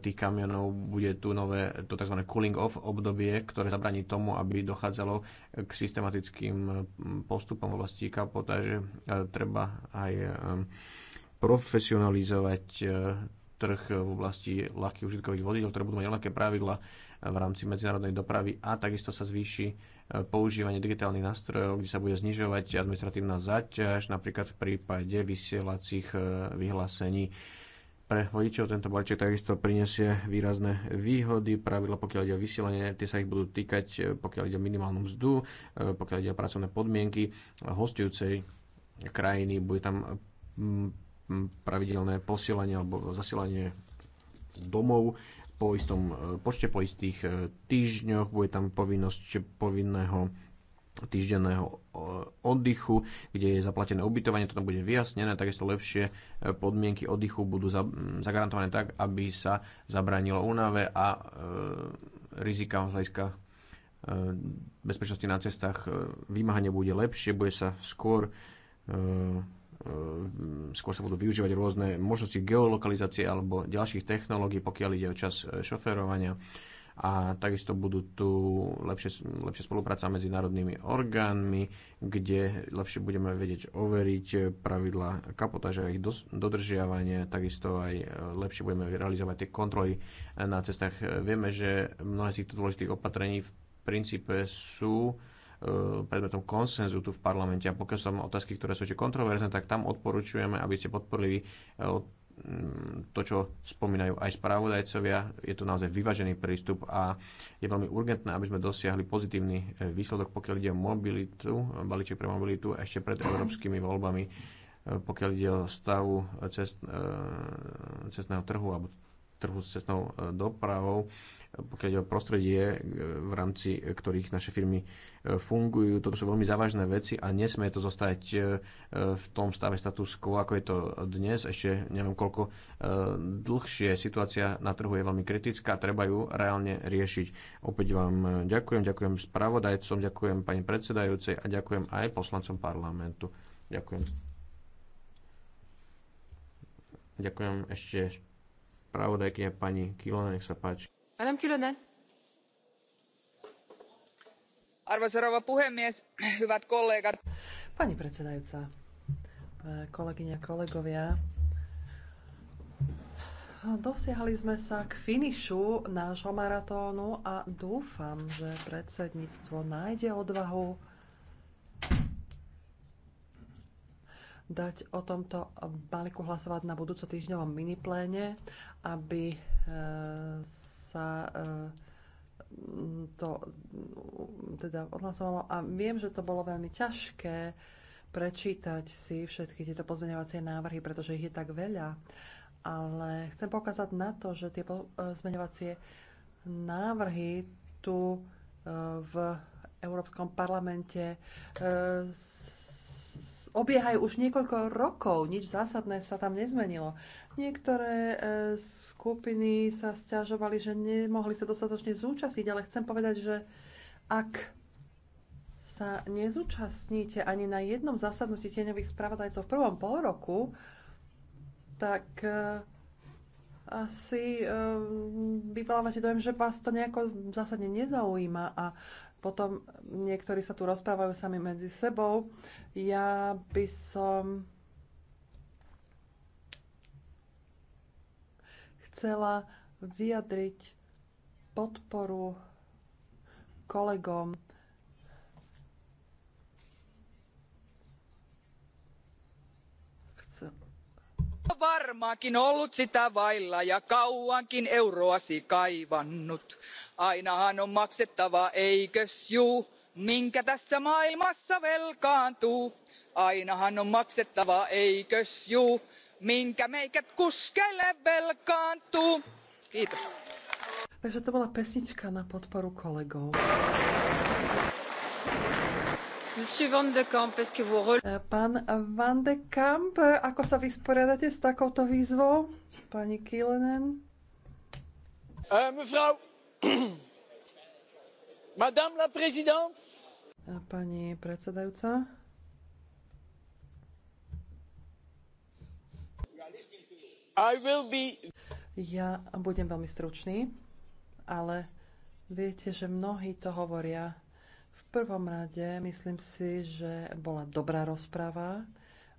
tých kamionov. Bude tu nové to tzv. cooling off obdobie, ktoré zabraní tomu, aby dochádzalo k systematickým postupom v oblasti kapotáže. Treba aj profesionalizovať trh v oblasti ľahkých užitkových vozidel, ktoré budú mať rovnaké pravidla v rámci medzinárodnej dopravy a takisto sa zvýši používanie digitálnych nástrojov, kde sa bude znižovať administratívna zaťaž, napríklad v prípade vysielacích e, vyhlásení. Pre vodičov tento balíček takisto prinesie výrazné výhody. Pravidla, pokiaľ ide o vysielanie, tie sa ich budú týkať, e, pokiaľ ide o minimálnu mzdu, e, pokiaľ ide o pracovné podmienky hostujúcej krajiny. Bude tam mm, pravidelné posielanie alebo zasielanie domov po istom e, počte, po istých e, týždňoch, bude tam povinnosť povinného týždenného e, oddychu, kde je zaplatené ubytovanie, to tam bude vyjasnené, takisto lepšie podmienky oddychu budú zagarantované tak, aby sa zabránilo únave a e, rizika z hľadiska e, bezpečnosti na cestách e, vymáhanie bude lepšie, bude sa skôr e, Ehm, skôr sa budú využívať rôzne možnosti geolokalizácie alebo ďalších technológií, pokiaľ ide o čas e, šoferovania. A takisto budú tu lepšie, lepšie spolupráca medzi národnými orgánmi, kde lepšie budeme vedieť overiť pravidla kapotáže a ich dodržiavanie. Takisto aj e, lepšie budeme realizovať tie kontroly e, na cestách. Vieme, že mnohé z týchto dôležitých opatrení v princípe sú Eh, predmetom konsenzu tu v parlamente. A pokiaľ som otázky, ktoré sú ešte kontroverzné, tak tam odporúčujeme, aby ste podporili eh, mm, to, čo spomínajú aj spravodajcovia. Je to naozaj vyvážený prístup a je veľmi urgentné, aby sme dosiahli pozitívny eh, výsledok, pokiaľ ide o mobilitu, balíček pre mobilitu ešte pred európskymi voľbami, pokiaľ ide o stavu cest, cestného trhu alebo trhu s cestnou dopravou pokiaľ ide o prostredie, e, v rámci ktorých naše firmy e, fungujú. Toto sú veľmi závažné veci a nesme to zostať e, v tom stave status quo, ako je to dnes. Ešte neviem koľko dlhšie situácia na trhu je veľmi kritická a treba ju reálne riešiť. Opäť vám ďakujem, ďakujem spravodajcom, ďakujem pani predsedajúcej a ďakujem aj poslancom parlamentu. Ďakujem. Ďakujem ešte spravodajkyne pani Kilona, nech sa páči arvoisa rouva puhemies hyvät kollegat pani predsedajúca kolegyne kolegovia dosiahli sme sa k finišu nášho maratónu a dúfam že predsedníctvo nájde odvahu dať o tomto balíku hlasovať na budúco týždňovom minipléne aby eh, sa eh, to teda odhlasovalo a viem, že to bolo veľmi ťažké prečítať si všetky tieto pozmeňovacie návrhy, pretože ich je tak veľa. Ale chcem pokázať na to, že tie pozmeňovacie návrhy tu eh, v Európskom parlamente eh, obiehajú už niekoľko rokov, nič zásadné sa tam nezmenilo. Niektoré e, skupiny sa stiažovali, že nemohli sa dostatočne zúčastniť, ale chcem povedať, že ak sa nezúčastníte ani na jednom zasadnutí tieňových spravodajcov v prvom pol roku, tak e, asi e, vyvolávate dojem, že vás to nejako zásadne nezaujíma a potom niektorí sa tu rozprávajú sami medzi sebou. Ja by som chcela vyjadriť podporu kolegom varmaankin ollut sitä vailla ja kauankin euroasi kaivannut. Ainahan on maksettava, eikös juu, minkä tässä maailmassa velkaantuu. Ainahan on maksettava, eikös juu, minkä meikät kuskeille velkaantuu. Kiitos. Takže to bola pesnička na podporu kolegov. Eh, pán Van de Kamp, ako sa vysporiadate s takouto výzvou? Pani Kilenen. Eh, mevrouw, madame la présidente. Eh, pani predsedajúca. I will be... Ja budem veľmi stručný, ale viete, že mnohí to hovoria prvom rade myslím si, že bola dobrá rozprava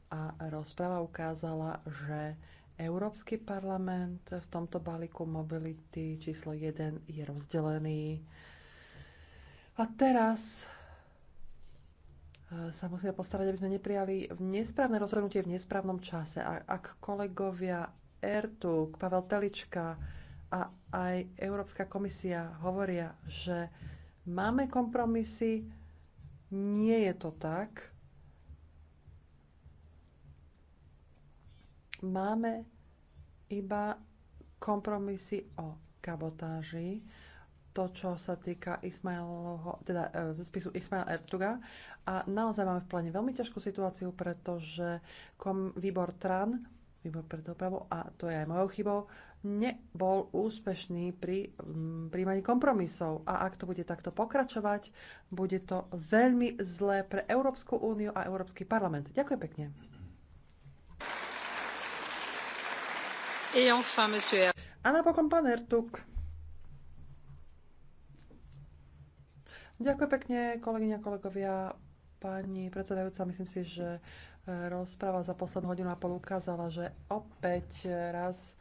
a rozprava ukázala, že Európsky parlament v tomto balíku mobility číslo 1 je rozdelený. A teraz e, sa musíme postarať, aby sme neprijali nesprávne rozhodnutie v nesprávnom čase. A ak kolegovia Ertuk, Pavel Telička a aj Európska komisia hovoria, že Máme kompromisy, nie je to tak. Máme iba kompromisy o kabotáži, to, čo sa týka Ismailovho, teda e, spisu Ismail Ertuga. A naozaj máme v pláne veľmi ťažkú situáciu, pretože kom, výbor TRAN výbor pre dopravu, a to je aj mojou chybou, nebol úspešný pri príjmaní kompromisov. A ak to bude takto pokračovať, bude to veľmi zlé pre Európsku úniu a Európsky parlament. Ďakujem pekne. A napokon pán Ertuk. Ďakujem pekne, kolegyňa, kolegovia, pani predsedajúca. Myslím si, že Rozpráva za poslednú hodinu a pol ukázala, že opäť raz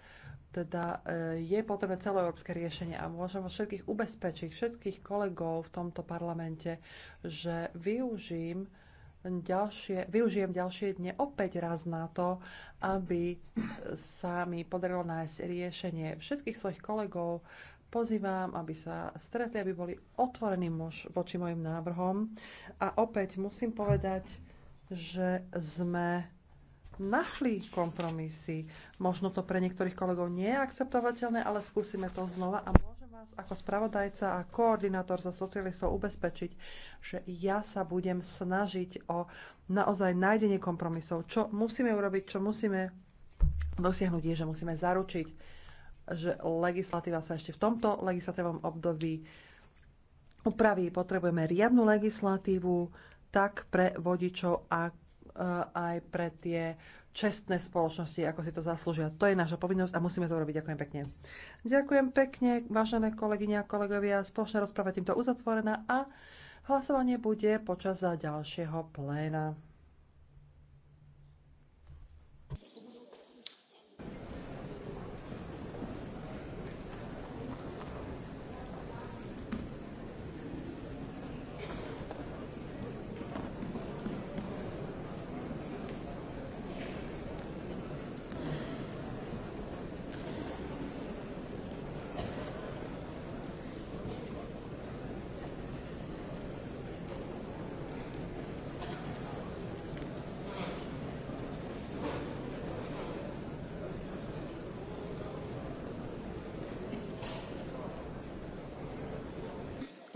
teda e, je potrebné celoeurópske riešenie a môžem všetkých ubezpečiť, všetkých kolegov v tomto parlamente, že využijem ďalšie, využijem ďalšie dne opäť raz na to, aby sa mi podarilo nájsť riešenie. Všetkých svojich kolegov pozývam, aby sa stretli, aby boli otvorení muž voči mojim návrhom. A opäť musím povedať, že sme našli kompromisy. Možno to pre niektorých kolegov nie je akceptovateľné, ale skúsime to znova a môžem vás ako spravodajca a koordinátor za socialistov ubezpečiť, že ja sa budem snažiť o naozaj nájdenie kompromisov. Čo musíme urobiť, čo musíme dosiahnuť je, že musíme zaručiť, že legislatíva sa ešte v tomto legislatívnom období upraví. Potrebujeme riadnu legislatívu, tak pre vodičov, a eh, aj pre tie čestné spoločnosti, ako si to zaslúžia. To je naša povinnosť a musíme to robiť. Ďakujem pekne. Ďakujem pekne, vážené kolegyne a kolegovia. Spoločná rozpráva týmto uzatvorená a hlasovanie bude počas ďalšieho pléna.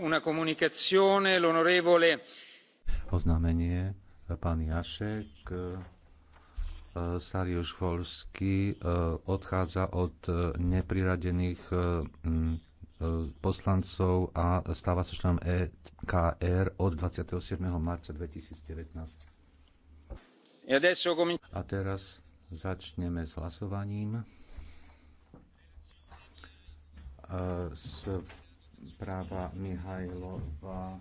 Oznámenie pán Jašek. E, saryusz wolski e, odchádza od nepriradených e, poslancov a stáva sa členom EKR od 27. marca 2019. A teraz začneme s hlasovaním. S práva Mihajlova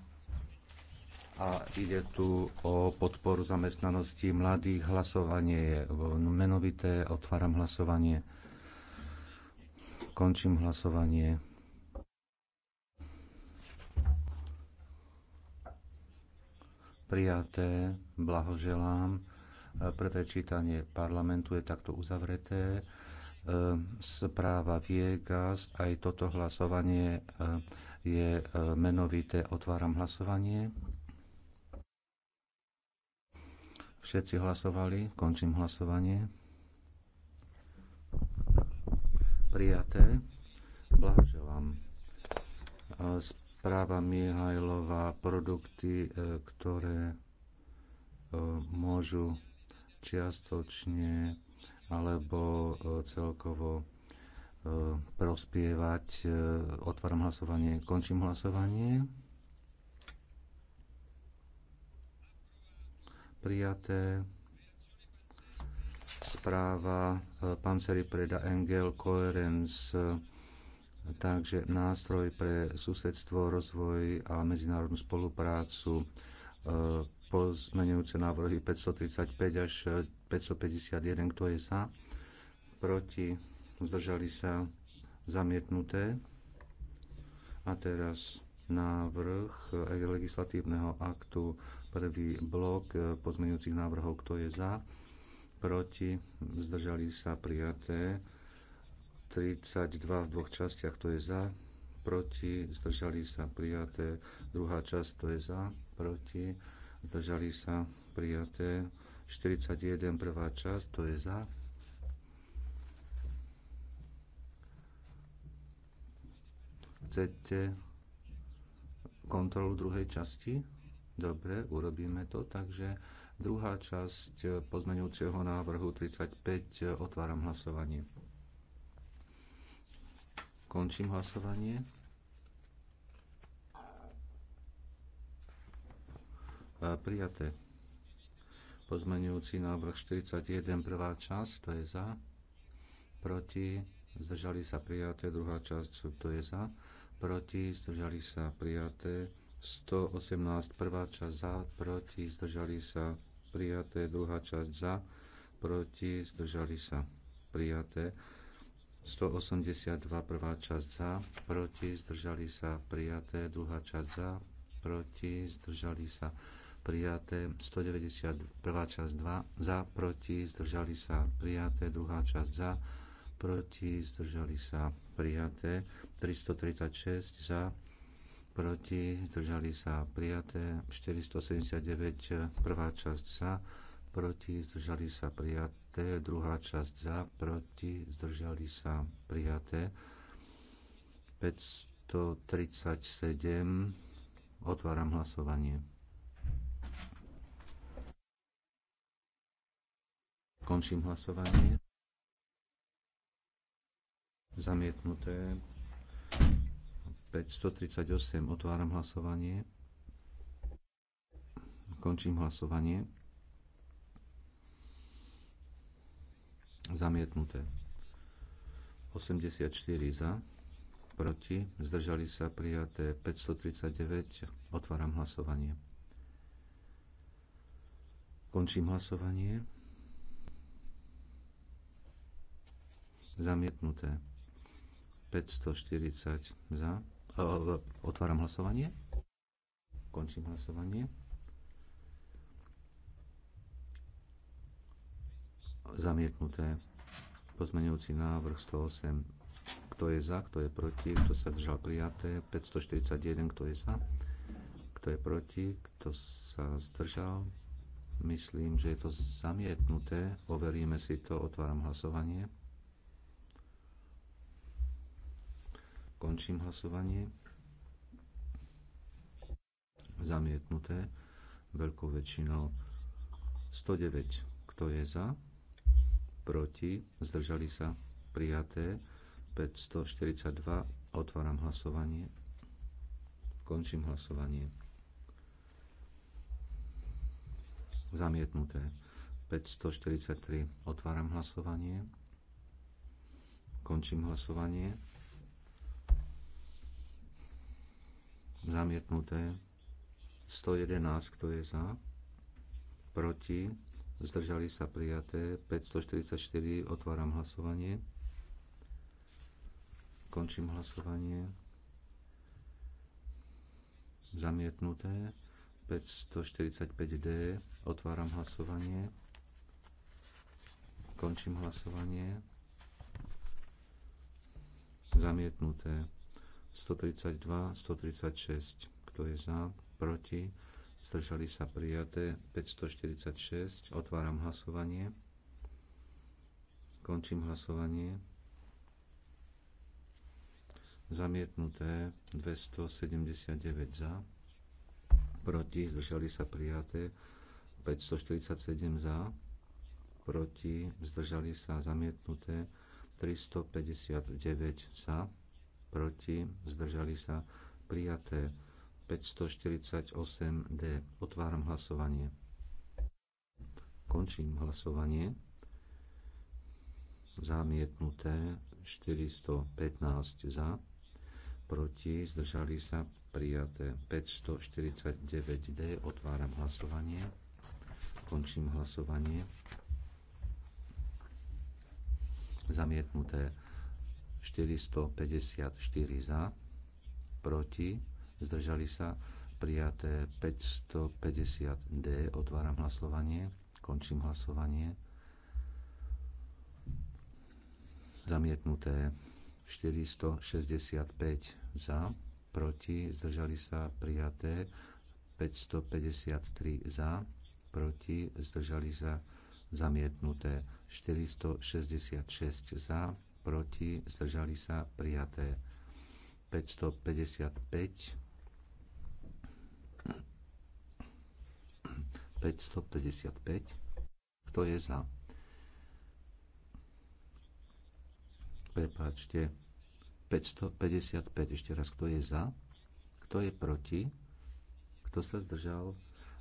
a ide tu o podporu zamestnanosti mladých. Hlasovanie je menovité. Otváram hlasovanie. Končím hlasovanie. Prijaté. Blahoželám. Prvé čítanie parlamentu je takto uzavreté. Ehm, správa Viegas. Aj toto hlasovanie ehm, je ehm, menovité. Otváram hlasovanie. Všetci hlasovali. Končím hlasovanie. Prijaté. Blahoželám. Správa Mihajlova, produkty, ktoré môžu čiastočne alebo e, celkovo e, prospievať. E, otváram hlasovanie, končím hlasovanie. Prijaté. Správa Panceri Preda Engel Coherence takže nástroj pre susedstvo, rozvoj a medzinárodnú spoluprácu pozmenujúce návrhy 535 až 551. Kto je za? Proti? Zdržali sa? Zamietnuté. A teraz návrh legislatívneho aktu, prvý blok pozmenujúcich návrhov, kto je za, proti, zdržali sa prijaté, 32 v dvoch častiach, kto je za, proti, zdržali sa prijaté, druhá časť, kto je za, proti, zdržali sa prijaté 41 prvá časť, to je za. Chcete kontrolu druhej časti? Dobre, urobíme to. Takže druhá časť pozmenujúceho návrhu 35, otváram hlasovanie. Končím hlasovanie. E, prijaté. Pozmenujúci návrh 41, prvá časť, to je za, proti, zdržali sa prijaté, druhá časť, to je za, proti, zdržali sa prijaté, 118, prvá časť za, proti, zdržali sa prijaté, druhá časť za, proti, zdržali sa prijaté, 182, prvá časť za, proti, zdržali sa prijaté, druhá časť za, proti, zdržali sa prijaté, prijaté 191. časť 2 za, proti, zdržali sa prijaté, druhá časť za, proti, zdržali sa prijaté 336 za, proti, zdržali sa prijaté 479, prvá časť za, proti, zdržali sa prijaté, druhá časť za, proti, zdržali sa prijaté 537, otváram hlasovanie. Končím hlasovanie. Zamietnuté. 538. Otváram hlasovanie. Končím hlasovanie. Zamietnuté. 84 za, proti, zdržali sa prijaté 539. Otváram hlasovanie. Končím hlasovanie. Zamietnuté. 540 za. Otváram hlasovanie. Končím hlasovanie. Zamietnuté. Pozmenujúci návrh 108 kto je za, kto je proti, kto sa držal prijaté, 541, kto je za, kto je proti, kto sa zdržal. Myslím, že je to zamietnuté, overíme si to, otváram hlasovanie. Končím hlasovanie. Zamietnuté veľkou väčšinou 109. Kto je za? Proti? Zdržali sa? Prijaté 542. Otváram hlasovanie. Končím hlasovanie. Zamietnuté 543. Otváram hlasovanie. Končím hlasovanie. zamietnuté. 111, kto je za, proti, zdržali sa prijaté. 544, otváram hlasovanie. Končím hlasovanie. Zamietnuté. 545D, otváram hlasovanie. Končím hlasovanie. Zamietnuté. 132, 136. Kto je za? Proti? Zdržali sa prijaté 546. Otváram hlasovanie. Končím hlasovanie. Zamietnuté 279 za. Proti? Zdržali sa prijaté 547 za. Proti? Zdržali sa zamietnuté 359 za proti, zdržali sa, prijaté 548D. Otváram hlasovanie. Končím hlasovanie. Zamietnuté 415 za, proti, zdržali sa, prijaté 549D. Otváram hlasovanie. Končím hlasovanie. Zamietnuté 454 za, proti, zdržali sa, prijaté 550D, otváram hlasovanie, končím hlasovanie, zamietnuté 465 za, proti, zdržali sa, prijaté 553 za, proti, zdržali sa, zamietnuté 466 za, proti, zdržali sa prijaté 555, 555, kto je za? Prepáčte, 555, ešte raz, kto je za? Kto je proti? Kto sa zdržal?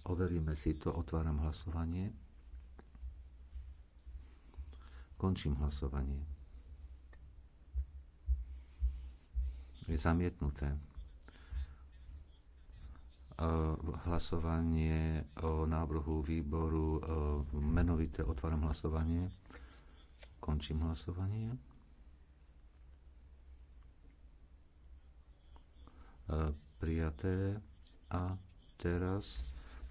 Overíme si to, otváram hlasovanie. Končím hlasovanie. Je zamietnuté. Hlasovanie o návrhu výboru e, menovité otváram hlasovanie. Končím hlasovanie. E, prijaté. A teraz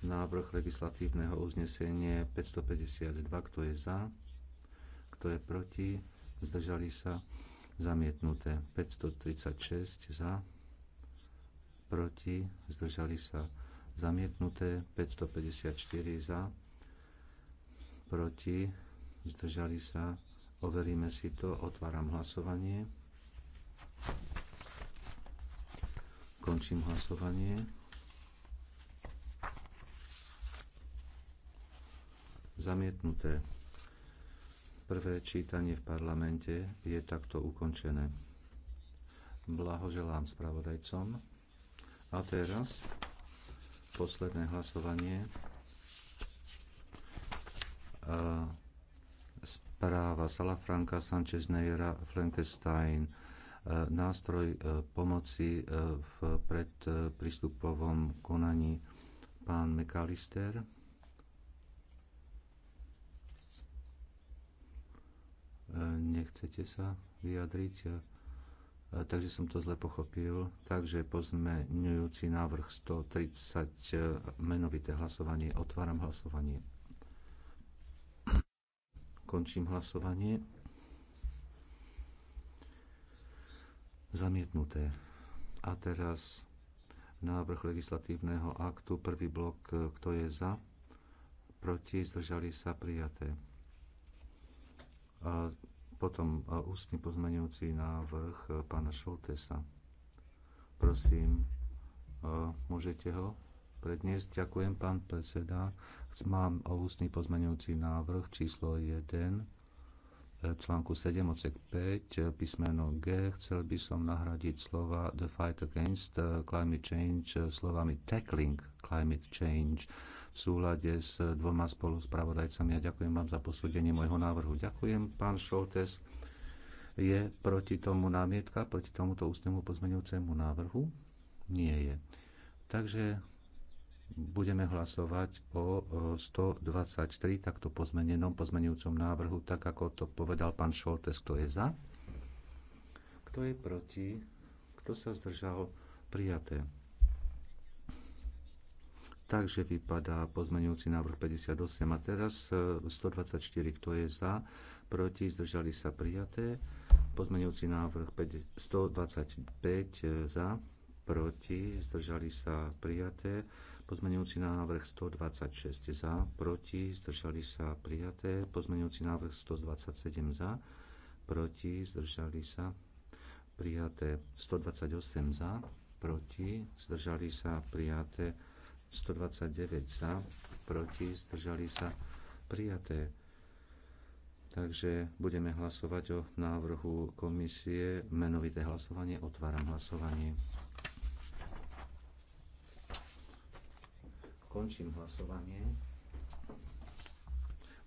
návrh legislatívneho uznesenie 552. Kto je za? Kto je proti? Zdržali sa? zamietnuté 536 za, proti, zdržali sa zamietnuté 554 za, proti, zdržali sa, overíme si to, otváram hlasovanie, končím hlasovanie. Zamietnuté Prvé čítanie v parlamente je takto ukončené. Blahoželám spravodajcom. A teraz posledné hlasovanie. Správa Salafranca Sanchez Neira Flankestein nástroj e, pomoci e, v predprístupovom konaní pán McAllister. nechcete sa vyjadriť. E, takže som to zle pochopil. Takže pozmeňujúci návrh 130, e, menovité hlasovanie. Otváram hlasovanie. Končím hlasovanie. Zamietnuté. A teraz návrh legislatívneho aktu, prvý blok, e, kto je za, proti, zdržali sa prijaté. A potom e, ústny pozmenujúci návrh e, pána Šoltesa. Prosím, e, môžete ho predniesť. Ďakujem, pán predseda. Mám ústny pozmenujúci návrh číslo 1 článku 7 odsek 5 písmeno G chcel by som nahradiť slova the fight against climate change slovami tackling climate change v súlade s dvoma spoluspravodajcami. Ja ďakujem vám za posúdenie môjho návrhu. Ďakujem, pán Šoltes. Je proti tomu námietka, proti tomuto ústnemu pozmeňujúcemu návrhu? Nie je. Takže budeme hlasovať o 123 takto pozmenenom pozmenujúcom návrhu, tak ako to povedal pán Šoltes, kto je za, kto je proti, kto sa zdržal, prijaté. Takže vypadá pozmenujúci návrh 58 a teraz 124, e, kto je za, proti, zdržali sa prijaté. Pozmenujúci návrh 125 e, za, proti, zdržali sa prijaté. Pozmenujúci návrh 126 za, proti, zdržali sa prijaté. Pozmenujúci návrh 127 za, proti, zdržali sa prijaté. 128 za, proti, zdržali sa prijaté. 129 za, proti, zdržali sa prijaté. Takže budeme hlasovať o návrhu komisie. Menovité hlasovanie. Otváram hlasovanie. Končím hlasovanie.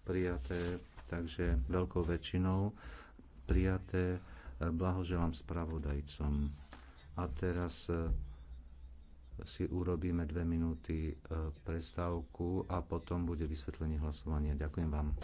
Prijaté, takže veľkou väčšinou prijaté. Blahoželám spravodajcom. A teraz si urobíme dve minúty e, prestávku a potom bude vysvetlenie hlasovania. Ďakujem vám.